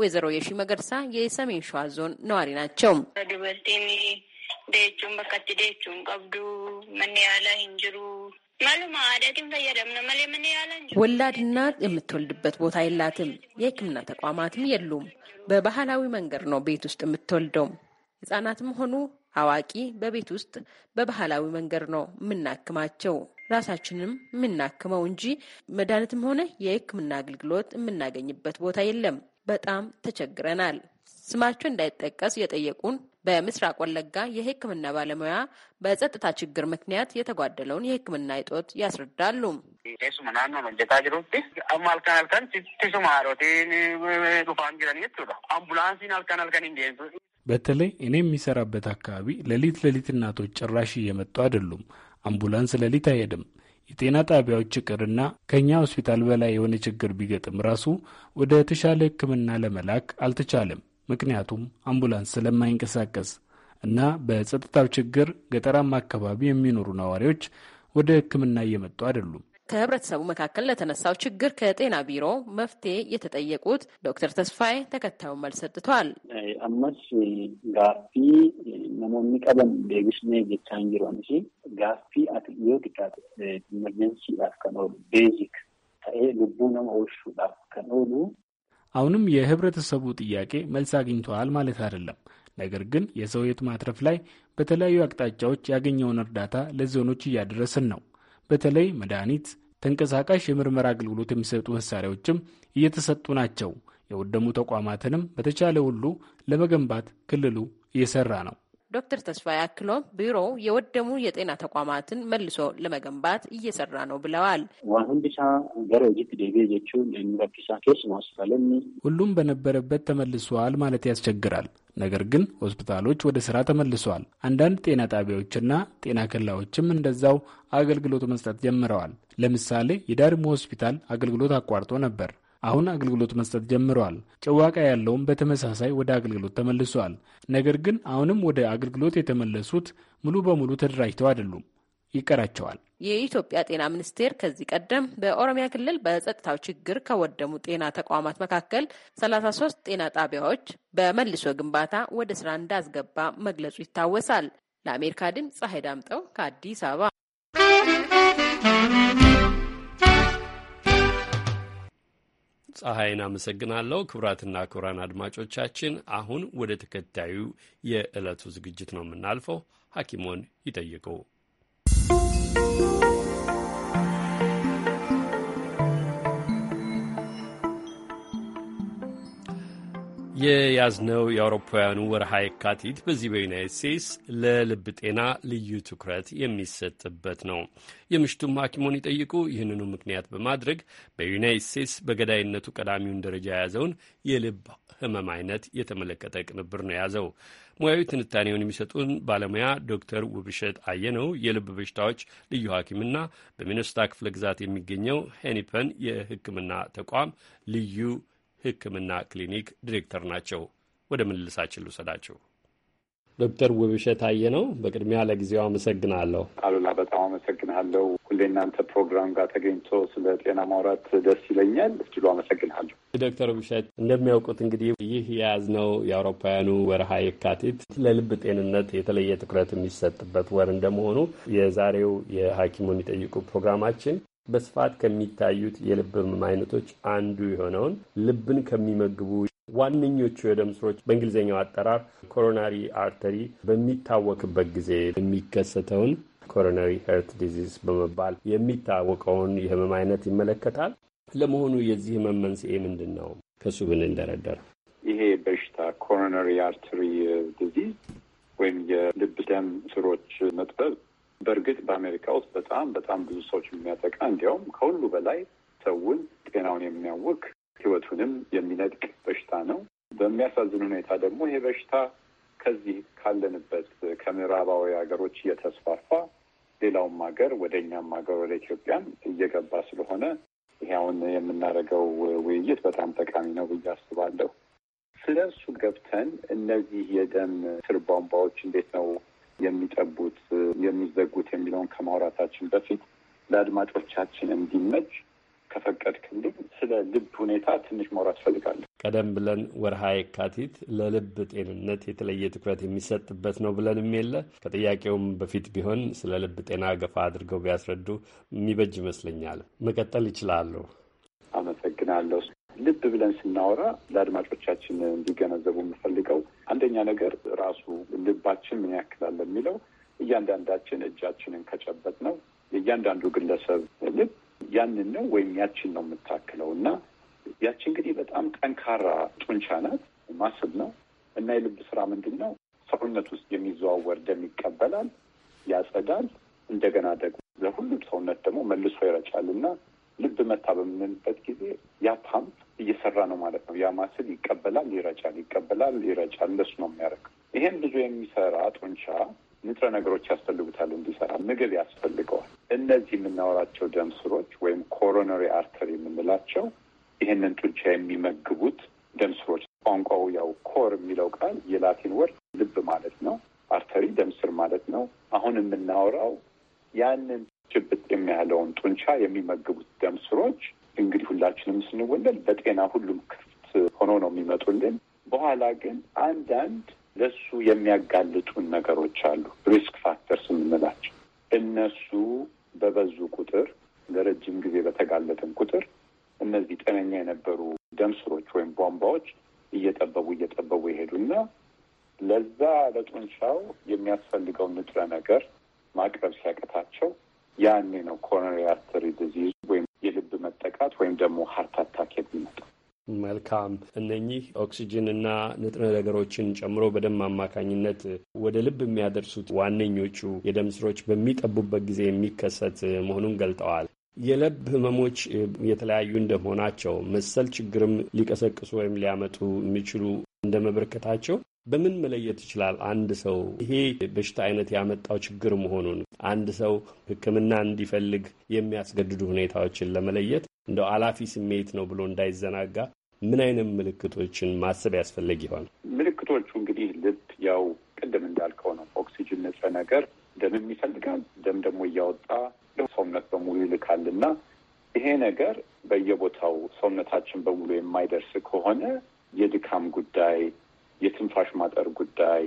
ወይዘሮ የሺ መገርሳ የሰሜን ሸዋ ዞን ነዋሪ ናቸው። ወላድ እናት የምትወልድበት ቦታ የላትም። የሕክምና ተቋማትም የሉም። በባህላዊ መንገድ ነው ቤት ውስጥ የምትወልደው። ህጻናትም ሆኑ አዋቂ በቤት ውስጥ በባህላዊ መንገድ ነው የምናክማቸው። ራሳችንም የምናክመው እንጂ መድኃኒትም ሆነ የሕክምና አገልግሎት የምናገኝበት ቦታ የለም። በጣም ተቸግረናል። ስማቸው እንዳይጠቀስ የጠየቁን በምስራቅ ወለጋ የሕክምና ባለሙያ በጸጥታ ችግር ምክንያት የተጓደለውን የሕክምና እጦት ያስረዳሉ። በተለይ እኔ የሚሰራበት አካባቢ ሌሊት ሌሊት እናቶች ጭራሽ እየመጡ አይደሉም። አምቡላንስ ሌሊት አይሄድም። የጤና ጣቢያዎች ይቅርና ከእኛ ሆስፒታል በላይ የሆነ ችግር ቢገጥም ራሱ ወደ ተሻለ ሕክምና ለመላክ አልተቻለም። ምክንያቱም አምቡላንስ ስለማይንቀሳቀስ እና በጸጥታው ችግር ገጠራማ አካባቢ የሚኖሩ ነዋሪዎች ወደ ሕክምና እየመጡ አይደሉም። ከህብረተሰቡ መካከል ለተነሳው ችግር ከጤና ቢሮ መፍትሄ የተጠየቁት ዶክተር ተስፋዬ ተከታዩን መልስ ሰጥቷል። አመስ ጋፊ ነሞኒ ቀበን ቤቢስኔ ጀቻን ጅሮን ሲ ጋፊ አትቢዮቲካት ኢመርጀንሲዳፍ ከኖሉ ቤዚክ ታኤ ልቡ ነመ ኦሹዳፍ ከኖሉ አሁንም የህብረተሰቡ ጥያቄ መልስ አግኝተዋል ማለት አይደለም። ነገር ግን የሰው ማትረፍ ላይ በተለያዩ አቅጣጫዎች ያገኘውን እርዳታ ለዞኖች እያደረስን ነው። በተለይ መድኃኒት፣ ተንቀሳቃሽ የምርመራ አገልግሎት የሚሰጡ መሳሪያዎችም እየተሰጡ ናቸው። የወደሙ ተቋማትንም በተቻለ ሁሉ ለመገንባት ክልሉ እየሰራ ነው። ዶክተር ተስፋዬ አክሎም ቢሮው የወደሙ የጤና ተቋማትን መልሶ ለመገንባት እየሰራ ነው ብለዋል። ሁሉም በነበረበት ተመልሷል ማለት ያስቸግራል። ነገር ግን ሆስፒታሎች ወደ ስራ ተመልሰዋል። አንዳንድ ጤና ጣቢያዎችና ጤና ኬላዎችም እንደዛው አገልግሎት መስጠት ጀምረዋል። ለምሳሌ የዳርሞ ሆስፒታል አገልግሎት አቋርጦ ነበር። አሁን አገልግሎት መስጠት ጀምረዋል። ጨዋቃ ያለውም በተመሳሳይ ወደ አገልግሎት ተመልሷል። ነገር ግን አሁንም ወደ አገልግሎት የተመለሱት ሙሉ በሙሉ ተደራጅተው አይደሉም፣ ይቀራቸዋል። የኢትዮጵያ ጤና ሚኒስቴር ከዚህ ቀደም በኦሮሚያ ክልል በጸጥታው ችግር ከወደሙ ጤና ተቋማት መካከል 33 ጤና ጣቢያዎች በመልሶ ግንባታ ወደ ስራ እንዳስገባ መግለጹ ይታወሳል። ለአሜሪካ ድምፅ ፀሐይ ዳምጠው ከአዲስ አበባ ፀሐይን አመሰግናለሁ። ክቡራትና ክቡራን አድማጮቻችን አሁን ወደ ተከታዩ የዕለቱ ዝግጅት ነው የምናልፈው። ሐኪሞን ይጠይቁ የያዝነው የአውሮፓውያኑ ወርሃ የካቲት በዚህ በዩናይት ስቴትስ ለልብ ጤና ልዩ ትኩረት የሚሰጥበት ነው። የምሽቱም ሐኪሞን ይጠይቁ ይህንኑ ምክንያት በማድረግ በዩናይት ስቴትስ በገዳይነቱ ቀዳሚውን ደረጃ የያዘውን የልብ ህመም አይነት የተመለከተ ቅንብር ነው የያዘው። ሙያዊ ትንታኔውን የሚሰጡን ባለሙያ ዶክተር ውብሸት አየነው የልብ በሽታዎች ልዩ ሐኪምና በሚኒሶታ ክፍለ ግዛት የሚገኘው ሄኒፐን የሕክምና ተቋም ልዩ ሕክምና ክሊኒክ ዲሬክተር ናቸው። ወደ ምልልሳችን ልውሰዳቸው። ዶክተር ውብሸት አየ ነው። በቅድሚያ ለጊዜው አመሰግናለሁ። አሉላ፣ በጣም አመሰግናለሁ። ሁሌ እናንተ ፕሮግራም ጋር ተገኝቶ ስለ ጤና ማውራት ደስ ይለኛል። እችሉ አመሰግናለሁ። ዶክተር ውብሸት እንደሚያውቁት እንግዲህ ይህ የያዝነው የአውሮፓውያኑ ወርሃ የካቲት ለልብ ጤንነት የተለየ ትኩረት የሚሰጥበት ወር እንደመሆኑ የዛሬው የሐኪሙን ይጠይቁ ፕሮግራማችን በስፋት ከሚታዩት የልብ ህመም አይነቶች አንዱ የሆነውን ልብን ከሚመግቡ ዋነኞቹ የደም ስሮች በእንግሊዝኛው አጠራር ኮሮናሪ አርተሪ በሚታወክበት ጊዜ የሚከሰተውን ኮሮናሪ ሄርት ዲዚዝ በመባል የሚታወቀውን የህመም አይነት ይመለከታል። ለመሆኑ የዚህ ህመም መንስኤ ምንድን ነው? ከሱ ብን እንደረደር ይሄ በሽታ ኮሮናሪ አርተሪ ዲዚዝ ወይም የልብ ደም ስሮች መጥበብ በእርግጥ በአሜሪካ ውስጥ በጣም በጣም ብዙ ሰዎች የሚያጠቃ እንዲያውም ከሁሉ በላይ ሰውን ጤናውን የሚያውክ ህይወቱንም የሚነጥቅ በሽታ ነው። በሚያሳዝን ሁኔታ ደግሞ ይሄ በሽታ ከዚህ ካለንበት ከምዕራባዊ ሀገሮች እየተስፋፋ ሌላውም ሀገር ወደ እኛም ሀገር ወደ ኢትዮጵያም እየገባ ስለሆነ ይሄ አሁን የምናደርገው ውይይት በጣም ጠቃሚ ነው ብዬ አስባለሁ። ስለ እሱ ገብተን እነዚህ የደም ስር ቧንቧዎች እንዴት ነው የሚጠቡት የሚዘጉት የሚለውን ከማውራታችን በፊት ለአድማጮቻችን እንዲመች ከፈቀድክልኝ ስለ ልብ ሁኔታ ትንሽ ማውራት እፈልጋለሁ። ቀደም ብለን ወርሃ የካቲት ለልብ ጤንነት የተለየ ትኩረት የሚሰጥበት ነው ብለንም የለ ከጥያቄውም በፊት ቢሆን ስለ ልብ ጤና ገፋ አድርገው ቢያስረዱ የሚበጅ ይመስለኛል። መቀጠል ይችላሉ። አመሰግናለሁ። ልብ ብለን ስናወራ ለአድማጮቻችን እንዲገነዘቡ የምፈልገው አንደኛ ነገር ራሱ ልባችን ምን ያክላል የሚለው እያንዳንዳችን እጃችንን ከጨበት ነው የእያንዳንዱ ግለሰብ ልብ ያንን ነው ወይም ያችን ነው የምታክለው እና ያችን እንግዲህ በጣም ጠንካራ ጡንቻ ናት፣ ማሰብ ነው እና የልብ ስራ ምንድን ነው? ሰውነት ውስጥ የሚዘዋወር ደም ይቀበላል፣ ያጸዳል፣ እንደገና ደግሞ ለሁሉም ሰውነት ደግሞ መልሶ ይረጫል እና ልብ መታ በምንልበት ጊዜ ያ ፓምፕ እየሰራ ነው ማለት ነው። ያ ማስል ይቀበላል፣ ይረጫል፣ ይቀበላል፣ ይረጫል። እንደሱ ነው የሚያደርገው። ይሄን ብዙ የሚሰራ ጡንቻ ንጥረ ነገሮች ያስፈልጉታል እንዲሰራ፣ ምግብ ያስፈልገዋል። እነዚህ የምናወራቸው ደም ስሮች ወይም ኮሮነሪ አርተሪ የምንላቸው ይህንን ጡንቻ የሚመግቡት ደም ስሮች። ቋንቋው ያው ኮር የሚለው ቃል የላቲን ወርድ ልብ ማለት ነው። አርተሪ ደም ስር ማለት ነው። አሁን የምናወራው ያንን ጭብጥ የሚያለውን ጡንቻ የሚመግቡት ደም ስሮች እንግዲህ ሁላችንም ስንወለድ በጤና ሁሉም ክፍት ሆኖ ነው የሚመጡልን። በኋላ ግን አንዳንድ ለሱ የሚያጋልጡን ነገሮች አሉ፣ ሪስክ ፋክተርስ የምንላቸው እነሱ በበዙ ቁጥር ለረጅም ጊዜ በተጋለጥን ቁጥር እነዚህ ጤነኛ የነበሩ ደም ስሮች ወይም ቧንቧዎች እየጠበቡ እየጠበቡ ይሄዱና ለዛ ለጡንቻው የሚያስፈልገውን ንጥረ ነገር ማቅረብ ሲያቅታቸው ያኔ ነው ኮሮነሪ አርተሪ ዲዚዝ ወይም የልብ መጠቃት ወይም ደግሞ ሀርት አታክ የሚመጣው። መልካም እነኚህ እና ንጥረ ነገሮችን ጨምሮ በደም አማካኝነት ወደ ልብ የሚያደርሱት ዋነኞቹ የደም ስሮች በሚጠቡበት ጊዜ የሚከሰት መሆኑን ገልጠዋል። የልብ ህመሞች የተለያዩ እንደመሆናቸው መሰል ችግርም ሊቀሰቅሱ ወይም ሊያመጡ የሚችሉ እንደመበርከታቸው በምን መለየት ይችላል? አንድ ሰው ይሄ በሽታ አይነት ያመጣው ችግር መሆኑን አንድ ሰው ሕክምና እንዲፈልግ የሚያስገድዱ ሁኔታዎችን ለመለየት እንደው አላፊ ስሜት ነው ብሎ እንዳይዘናጋ ምን አይነት ምልክቶችን ማሰብ ያስፈለግ ይሆን? ምልክቶቹ እንግዲህ ልብ ያው ቅድም እንዳልከው ነው። ኦክሲጅን ንጥረ ነገር ደምም ይፈልጋል። ደም ደግሞ እያወጣ ሰውነት በሙሉ ይልካል እና ይሄ ነገር በየቦታው ሰውነታችን በሙሉ የማይደርስ ከሆነ የድካም ጉዳይ፣ የትንፋሽ ማጠር ጉዳይ፣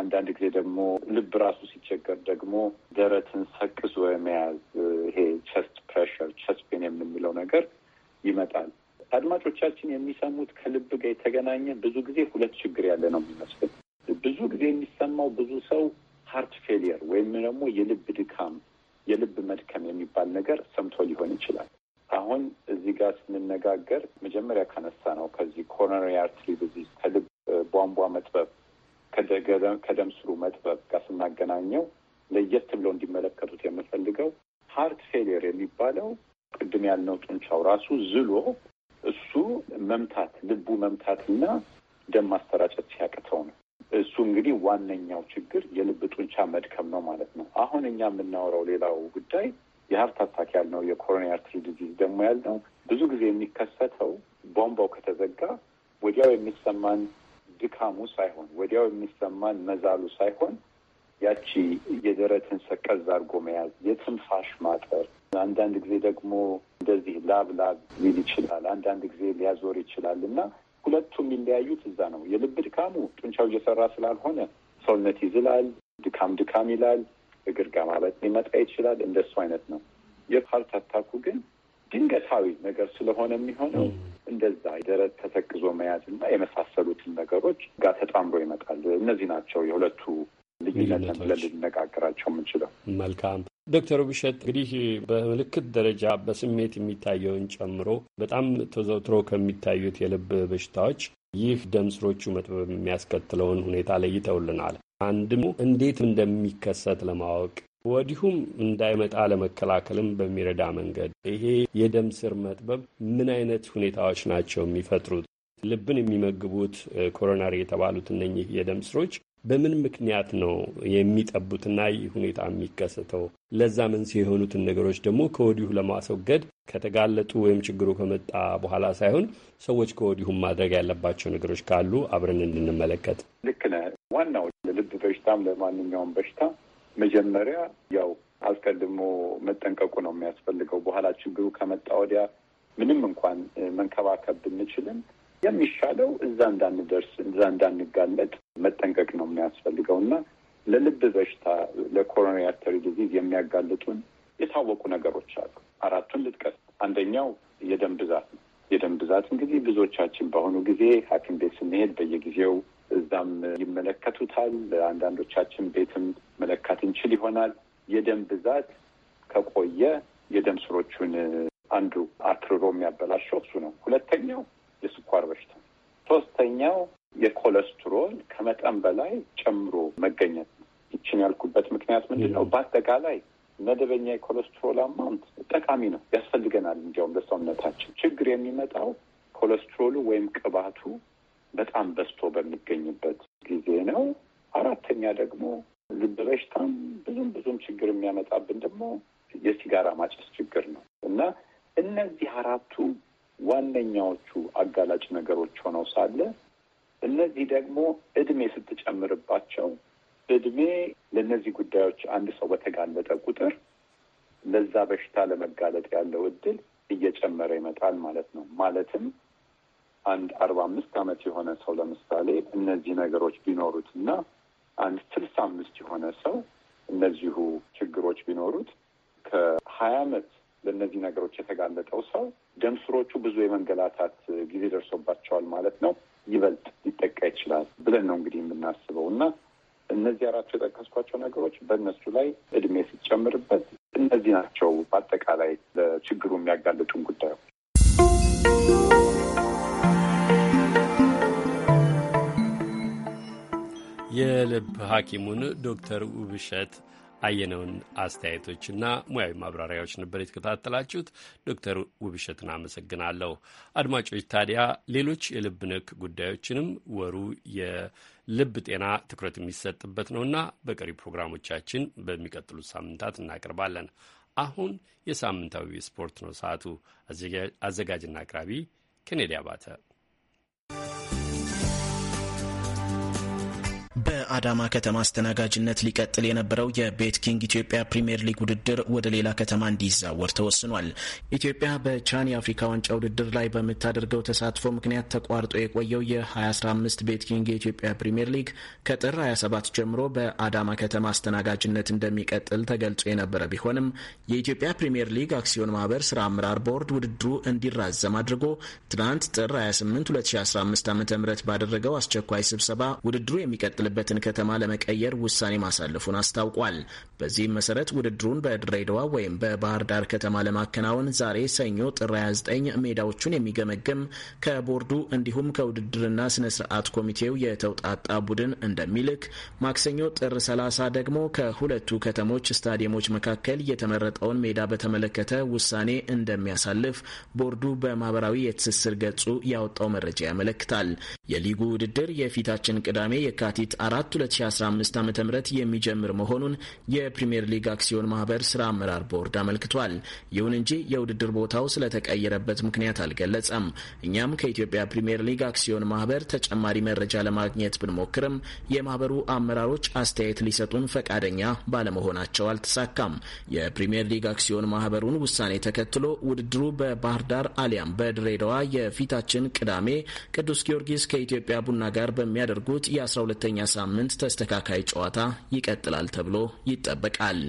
አንዳንድ ጊዜ ደግሞ ልብ ራሱ ሲቸገር ደግሞ ደረትን ሰቅዞ የመያዝ ይሄ ቸስት ፕሬሽር ቸስት ፔን የምንለው ነገር ይመጣል። አድማጮቻችን የሚሰሙት ከልብ ጋር የተገናኘ ብዙ ጊዜ ሁለት ችግር ያለ ነው የሚመስል ብዙ ጊዜ የሚሰማው ብዙ ሰው ሀርት ፌሊየር ወይም ደግሞ የልብ ድካም የልብ መድከም የሚባል ነገር ሰምቶ ሊሆን ይችላል። አሁን እዚህ ጋር ስንነጋገር መጀመሪያ ከነሳ ነው ከዚህ ኮሮነሪ አርትሪ ዲዚዝ ከልብ ቧንቧ መጥበብ ከደም ስሩ መጥበብ ጋር ስናገናኘው ለየት ብለው እንዲመለከቱት የምፈልገው ሀርት ፌሊየር የሚባለው ቅድም ያልነው ጡንቻው ራሱ ዝሎ እሱ መምታት ልቡ መምታትና ደም ማሰራጨት ሲያቅተው ነው። እሱ እንግዲህ ዋነኛው ችግር የልብ ጡንቻ መድከም ነው ማለት ነው። አሁን እኛ የምናወራው ሌላው ጉዳይ የሀርት አታክ ያልነው የኮሮኒ አርትሪ ዲዚዝ ደግሞ ያልነው ብዙ ጊዜ የሚከሰተው ቧንቧው ከተዘጋ ወዲያው የሚሰማን ድካሙ ሳይሆን ወዲያው የሚሰማን መዛሉ ሳይሆን ያቺ የደረትን ሰቀዝ አርጎ መያዝ፣ የትንፋሽ ማጠር፣ አንዳንድ ጊዜ ደግሞ እንደዚህ ላብ ላብ ሊል ይችላል። አንዳንድ ጊዜ ሊያዞር ይችላል እና ሁለቱ የሚለያዩት እዛ ነው። የልብ ድካሙ ጡንቻው እየሰራ ስላልሆነ ሰውነት ይዝላል፣ ድካም ድካም ይላል። እግር ጋማበት ሊመጣ ይችላል። እንደሱ አይነት ነው። የሀርት አታኩ ግን ድንገታዊ ነገር ስለሆነ የሚሆነው እንደዛ ደረት ተተክዞ መያዝ እና የመሳሰሉትን ነገሮች ጋር ተጣምሮ ይመጣል። እነዚህ ናቸው የሁለቱ ልዩነትን ብለን ልንነጋገራቸው የምንችለው። መልካም ዶክተር ብሸት እንግዲህ በምልክት ደረጃ በስሜት የሚታየውን ጨምሮ በጣም ተዘውትሮ ከሚታዩት የልብ በሽታዎች ይህ ደም ስሮቹ መጥበብ የሚያስከትለውን ሁኔታ ለይተውልናል። አንድም እንዴት እንደሚከሰት ለማወቅ ወዲሁም እንዳይመጣ ለመከላከልም በሚረዳ መንገድ ይሄ የደም ስር መጥበብ ምን አይነት ሁኔታዎች ናቸው የሚፈጥሩት? ልብን የሚመግቡት ኮሮናሪ የተባሉት እነኚህ የደም ስሮች በምን ምክንያት ነው የሚጠቡትና ይህ ሁኔታ የሚከሰተው? ለዛ መንስኤ የሆኑትን ነገሮች ደግሞ ከወዲሁ ለማስወገድ ከተጋለጡ ወይም ችግሩ ከመጣ በኋላ ሳይሆን ሰዎች ከወዲሁም ማድረግ ያለባቸው ነገሮች ካሉ አብረን እንድንመለከት። ልክ ነህ። ዋናው ለልብ በሽታም ለማንኛውም በሽታ መጀመሪያ ያው አስቀድሞ መጠንቀቁ ነው የሚያስፈልገው። በኋላ ችግሩ ከመጣ ወዲያ ምንም እንኳን መንከባከብ ብንችልም የሚሻለው እዛ እንዳንደርስ እዛ እንዳንጋለጥ መጠንቀቅ ነው የሚያስፈልገው እና ለልብ በሽታ ለኮሮናሪ አርተሪ ዲዚዝ የሚያጋልጡን የታወቁ ነገሮች አሉ። አራቱን ልጥቀስ። አንደኛው የደም ብዛት ነው። የደም ብዛት እንግዲህ ብዙዎቻችን በአሁኑ ጊዜ ሐኪም ቤት ስንሄድ በየጊዜው እዛም ይመለከቱታል። አንዳንዶቻችን ቤትም መለካት እንችል ይሆናል። የደም ብዛት ከቆየ የደም ስሮቹን አንዱ አትርሮ የሚያበላሸው እሱ ነው። ሁለተኛው የስኳር በሽታ። ሶስተኛው የኮለስትሮል ከመጠን በላይ ጨምሮ መገኘት ነው። ይችን ያልኩበት ምክንያት ምንድን ነው? በአጠቃላይ መደበኛ የኮለስትሮል አማውንት ጠቃሚ ነው፣ ያስፈልገናል። እንዲያውም ለሰውነታችን ችግር የሚመጣው ኮለስትሮሉ ወይም ቅባቱ በጣም በዝቶ በሚገኝበት ጊዜ ነው። አራተኛ ደግሞ ልብ በሽታም ብዙም ብዙም ችግር የሚያመጣብን ደግሞ የሲጋራ ማጨስ ችግር ነው እና እነዚህ አራቱ ዋነኛዎቹ አጋላጭ ነገሮች ሆነው ሳለ እነዚህ ደግሞ እድሜ ስትጨምርባቸው እድሜ ለእነዚህ ጉዳዮች አንድ ሰው በተጋለጠ ቁጥር ለዛ በሽታ ለመጋለጥ ያለው እድል እየጨመረ ይመጣል ማለት ነው። ማለትም አንድ አርባ አምስት ዓመት የሆነ ሰው ለምሳሌ እነዚህ ነገሮች ቢኖሩት እና አንድ ስልሳ አምስት የሆነ ሰው እነዚሁ ችግሮች ቢኖሩት ከሀያ ዓመት ለእነዚህ ነገሮች የተጋለጠው ሰው ደም ስሮቹ ብዙ የመንገላታት ጊዜ ደርሶባቸዋል ማለት ነው። ይበልጥ ሊጠቃ ይችላል ብለን ነው እንግዲህ የምናስበው እና እነዚህ አራቱ የጠቀስኳቸው ነገሮች በእነሱ ላይ እድሜ ሲጨምርበት እነዚህ ናቸው በአጠቃላይ ለችግሩ የሚያጋልጡን ጉዳዮች። የልብ ሐኪሙን ዶክተር ውብሸት አየነውን አስተያየቶችና ሙያዊ ማብራሪያዎች ነበር የተከታተላችሁት። ዶክተር ውብሸትን አመሰግናለሁ። አድማጮች ታዲያ ሌሎች የልብ ነክ ጉዳዮችንም ወሩ የልብ ጤና ትኩረት የሚሰጥበት ነውና በቀሪ ፕሮግራሞቻችን በሚቀጥሉት ሳምንታት እናቀርባለን። አሁን የሳምንታዊ ስፖርት ነው ሰዓቱ። አዘጋጅና አቅራቢ ኬኔዲ አባተ በአዳማ ከተማ አስተናጋጅነት ሊቀጥል የነበረው የቤት ኪንግ ኢትዮጵያ ፕሪምየር ሊግ ውድድር ወደ ሌላ ከተማ እንዲዛወር ተወስኗል። ኢትዮጵያ በቻን የአፍሪካ ዋንጫ ውድድር ላይ በምታደርገው ተሳትፎ ምክንያት ተቋርጦ የቆየው የ2015 ቤት ኪንግ የኢትዮጵያ ፕሪምየር ሊግ ከጥር 27 ጀምሮ በአዳማ ከተማ አስተናጋጅነት እንደሚቀጥል ተገልጾ የነበረ ቢሆንም የኢትዮጵያ ፕሪምየር ሊግ አክሲዮን ማህበር ስራ አመራር ቦርድ ውድድሩ እንዲራዘም አድርጎ ትናንት ጥር 28 2015 ዓ ም ባደረገው አስቸኳይ ስብሰባ ውድድሩ የሚቀጥልበትን ከተማ ለመቀየር ውሳኔ ማሳለፉን አስታውቋል። በዚህም መሰረት ውድድሩን በድሬዳዋ ወይም በባህር ዳር ከተማ ለማከናወን ዛሬ ሰኞ ጥር 29 ሜዳዎቹን የሚገመግም ከቦርዱ እንዲሁም ከውድድርና ስነ ስርዓት ኮሚቴው የተውጣጣ ቡድን እንደሚልክ፣ ማክሰኞ ጥር 30 ደግሞ ከሁለቱ ከተሞች ስታዲየሞች መካከል የተመረጠውን ሜዳ በተመለከተ ውሳኔ እንደሚያሳልፍ ቦርዱ በማህበራዊ የትስስር ገጹ ያወጣው መረጃ ያመለክታል። የሊጉ ውድድር የፊታችን ቅዳሜ የካቲት አራት 2015 ዓ ም የሚጀምር መሆኑን የፕሪምየር ሊግ አክሲዮን ማህበር ስራ አመራር ቦርድ አመልክቷል። ይሁን እንጂ የውድድር ቦታው ስለተቀየረበት ምክንያት አልገለጸም። እኛም ከኢትዮጵያ ፕሪምየር ሊግ አክሲዮን ማህበር ተጨማሪ መረጃ ለማግኘት ብንሞክርም የማህበሩ አመራሮች አስተያየት ሊሰጡን ፈቃደኛ ባለመሆናቸው አልተሳካም። የፕሪምየር ሊግ አክሲዮን ማህበሩን ውሳኔ ተከትሎ ውድድሩ በባህር ዳር አሊያም በድሬዳዋ የፊታችን ቅዳሜ ቅዱስ ጊዮርጊስ ከኢትዮጵያ ቡና ጋር በሚያደርጉት የ12ኛ ሳምንት ሳምንት ተስተካካይ ጨዋታ ይቀጥላል ተብሎ ይጠበቃል።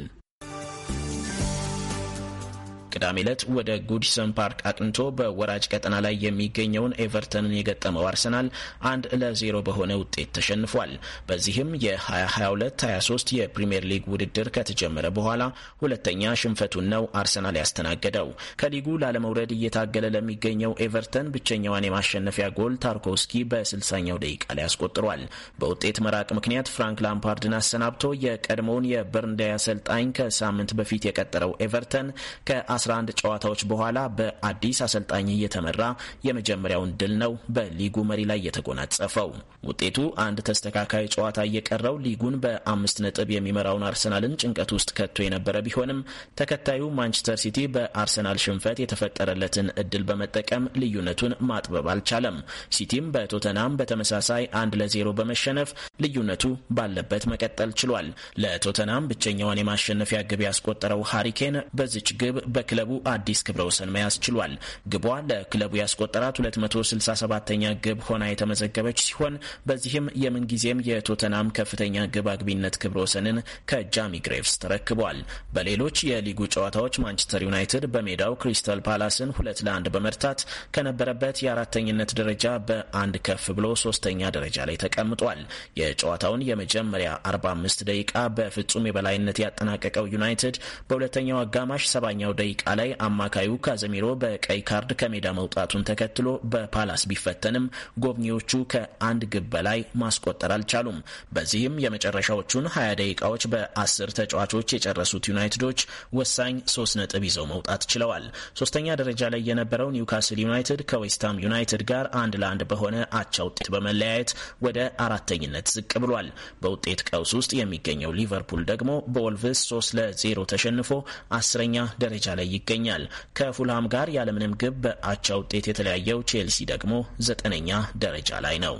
ቅዳሜ ዕለት ወደ ጉድሰን ፓርክ አቅንቶ በወራጅ ቀጠና ላይ የሚገኘውን ኤቨርተንን የገጠመው አርሰናል አንድ ለዜሮ በሆነ ውጤት ተሸንፏል። በዚህም የ2022/23 የፕሪምየር ሊግ ውድድር ከተጀመረ በኋላ ሁለተኛ ሽንፈቱን ነው አርሰናል ያስተናገደው። ከሊጉ ላለመውረድ እየታገለ ለሚገኘው ኤቨርተን ብቸኛዋን የማሸነፊያ ጎል ታርኮስኪ በ60ኛው ደቂቃ ላይ አስቆጥሯል። በውጤት መራቅ ምክንያት ፍራንክ ላምፓርድን አሰናብቶ የቀድሞውን የበርንዳይ አሰልጣኝ ከሳምንት በፊት የቀጠረው ኤቨርተን ከ 11 ጨዋታዎች በኋላ በአዲስ አሰልጣኝ እየተመራ የመጀመሪያውን ድል ነው በሊጉ መሪ ላይ የተጎናጸፈው። ውጤቱ አንድ ተስተካካይ ጨዋታ እየቀረው ሊጉን በአምስት ነጥብ የሚመራውን አርሰናልን ጭንቀት ውስጥ ከቶ የነበረ ቢሆንም ተከታዩ ማንቸስተር ሲቲ በአርሰናል ሽንፈት የተፈጠረለትን እድል በመጠቀም ልዩነቱን ማጥበብ አልቻለም። ሲቲም በቶተናም በተመሳሳይ አንድ ለዜሮ በመሸነፍ ልዩነቱ ባለበት መቀጠል ችሏል። ለቶተናም ብቸኛዋን የማሸነፊያ ግብ ያስቆጠረው ሃሪኬን በዚች ግብ በ ለክለቡ አዲስ ክብረ ወሰን መያዝ ችሏል። ግቧ ለክለቡ ያስቆጠራት 267ኛ ግብ ሆና የተመዘገበች ሲሆን በዚህም የምንጊዜም የቶተናም ከፍተኛ ግብ አግቢነት ክብረ ወሰንን ከጃሚ ግሬቭስ ተረክቧል። በሌሎች የሊጉ ጨዋታዎች ማንቸስተር ዩናይትድ በሜዳው ክሪስታል ፓላስን ሁለት ለአንድ በመርታት ከነበረበት የአራተኝነት ደረጃ በአንድ ከፍ ብሎ ሶስተኛ ደረጃ ላይ ተቀምጧል። የጨዋታውን የመጀመሪያ 45 ደቂቃ በፍጹም የበላይነት ያጠናቀቀው ዩናይትድ በሁለተኛው አጋማሽ ሰባኛው ደቂቃ ደቂቃ ላይ አማካዩ ካዘሚሮ በቀይ ካርድ ከሜዳ መውጣቱን ተከትሎ በፓላስ ቢፈተንም ጎብኚዎቹ ከአንድ ግብ በላይ ማስቆጠር አልቻሉም። በዚህም የመጨረሻዎቹን 20 ደቂቃዎች በአስር ተጫዋቾች የጨረሱት ዩናይትዶች ወሳኝ ሶስት ነጥብ ይዘው መውጣት ችለዋል። ሶስተኛ ደረጃ ላይ የነበረው ኒውካስል ዩናይትድ ከዌስትሃም ዩናይትድ ጋር አንድ ለአንድ በሆነ አቻ ውጤት በመለያየት ወደ አራተኝነት ዝቅ ብሏል። በውጤት ቀውስ ውስጥ የሚገኘው ሊቨርፑል ደግሞ በወልቭስ 3 ለዜሮ ተሸንፎ አስረኛ ደረጃ ላይ ይገኛል። ከፉልሃም ጋር ያለምንም ግብ በአቻ ውጤት የተለያየው ቼልሲ ደግሞ ዘጠነኛ ደረጃ ላይ ነው።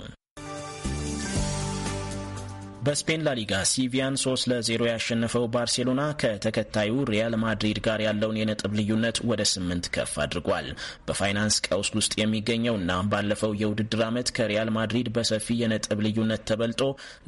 በስፔን ላሊጋ ሲቪያን ለ ለዜሮ ያሸነፈው ባርሴሎና ከተከታዩ ሪያል ማድሪድ ጋር ያለውን የነጥብ ልዩነት ወደ ስምንት ከፍ አድርጓል። በፋይናንስ ቀውስ ውስጥ የሚገኘውና ባለፈው የውድድር ዓመት ከሪያል ማድሪድ በሰፊ የነጥብ ልዩነት ተበልጦ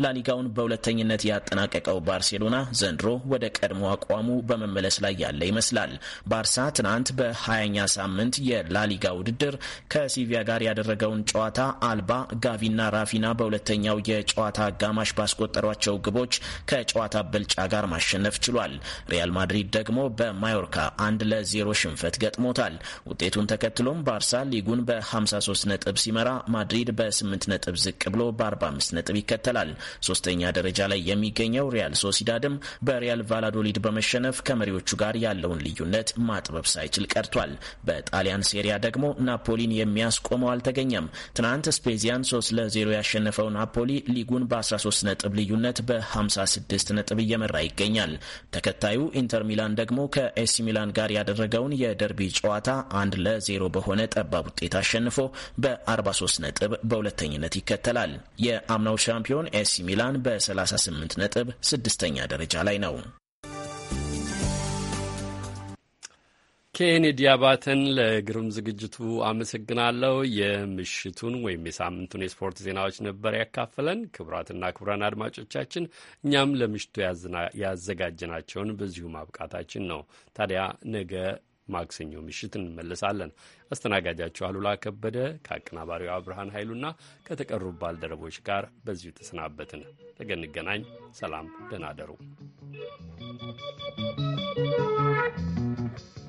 ላሊጋውን በሁለተኝነት ያጠናቀቀው ባርሴሎና ዘንድሮ ወደ ቀድሞ አቋሙ በመመለስ ላይ ያለ ይመስላል። ባርሳ ትናንት በ20ኛ ሳምንት የላሊጋ ውድድር ከሲቪያ ጋር ያደረገውን ጨዋታ አልባ፣ ጋቪና ራፊና በሁለተኛው የጨዋታ አጋማሽ ባስቆ ባስቆጠሯቸው ግቦች ከጨዋታ ብልጫ ጋር ማሸነፍ ችሏል። ሪያል ማድሪድ ደግሞ በማዮርካ አንድ ለዜሮ ሽንፈት ገጥሞታል። ውጤቱን ተከትሎም ባርሳ ሊጉን በ53 ነጥብ ሲመራ ማድሪድ በ8 ነጥብ ዝቅ ብሎ በ45 ነጥብ ይከተላል። ሶስተኛ ደረጃ ላይ የሚገኘው ሪያል ሶሲዳድም በሪያል ቫላዶሊድ በመሸነፍ ከመሪዎቹ ጋር ያለውን ልዩነት ማጥበብ ሳይችል ቀርቷል። በጣሊያን ሴሪያ ደግሞ ናፖሊን የሚያስቆመው አልተገኘም። ትናንት ስፔዚያን 3 ለ0 ያሸነፈው ናፖሊ ሊጉን በ13 ነጥብ ነጥብ ልዩነት በ56 ነጥብ እየመራ ይገኛል። ተከታዩ ኢንተር ሚላን ደግሞ ከኤሲ ሚላን ጋር ያደረገውን የደርቢ ጨዋታ አንድ ለዜሮ በሆነ ጠባብ ውጤት አሸንፎ በ43 ነጥብ በሁለተኝነት ይከተላል። የአምናው ሻምፒዮን ኤሲ ሚላን በ38 ነጥብ ስድስተኛ ደረጃ ላይ ነው። ኬኔዲ አባተን ለግሩም ዝግጅቱ አመሰግናለሁ። የምሽቱን ወይም የሳምንቱን የስፖርት ዜናዎች ነበር ያካፈለን። ክቡራትና ክቡራን አድማጮቻችን እኛም ለምሽቱ ያዘጋጀናቸውን በዚሁ ማብቃታችን ነው። ታዲያ ነገ ማክሰኞ ምሽት እንመለሳለን። አስተናጋጃችሁ አሉላ ከበደ ከአቀናባሪው ብርሃን ኃይሉና ከተቀሩ ባልደረቦች ጋር በዚሁ ተሰናበትን። ነገ እንገናኝ። ሰላም፣ ደህና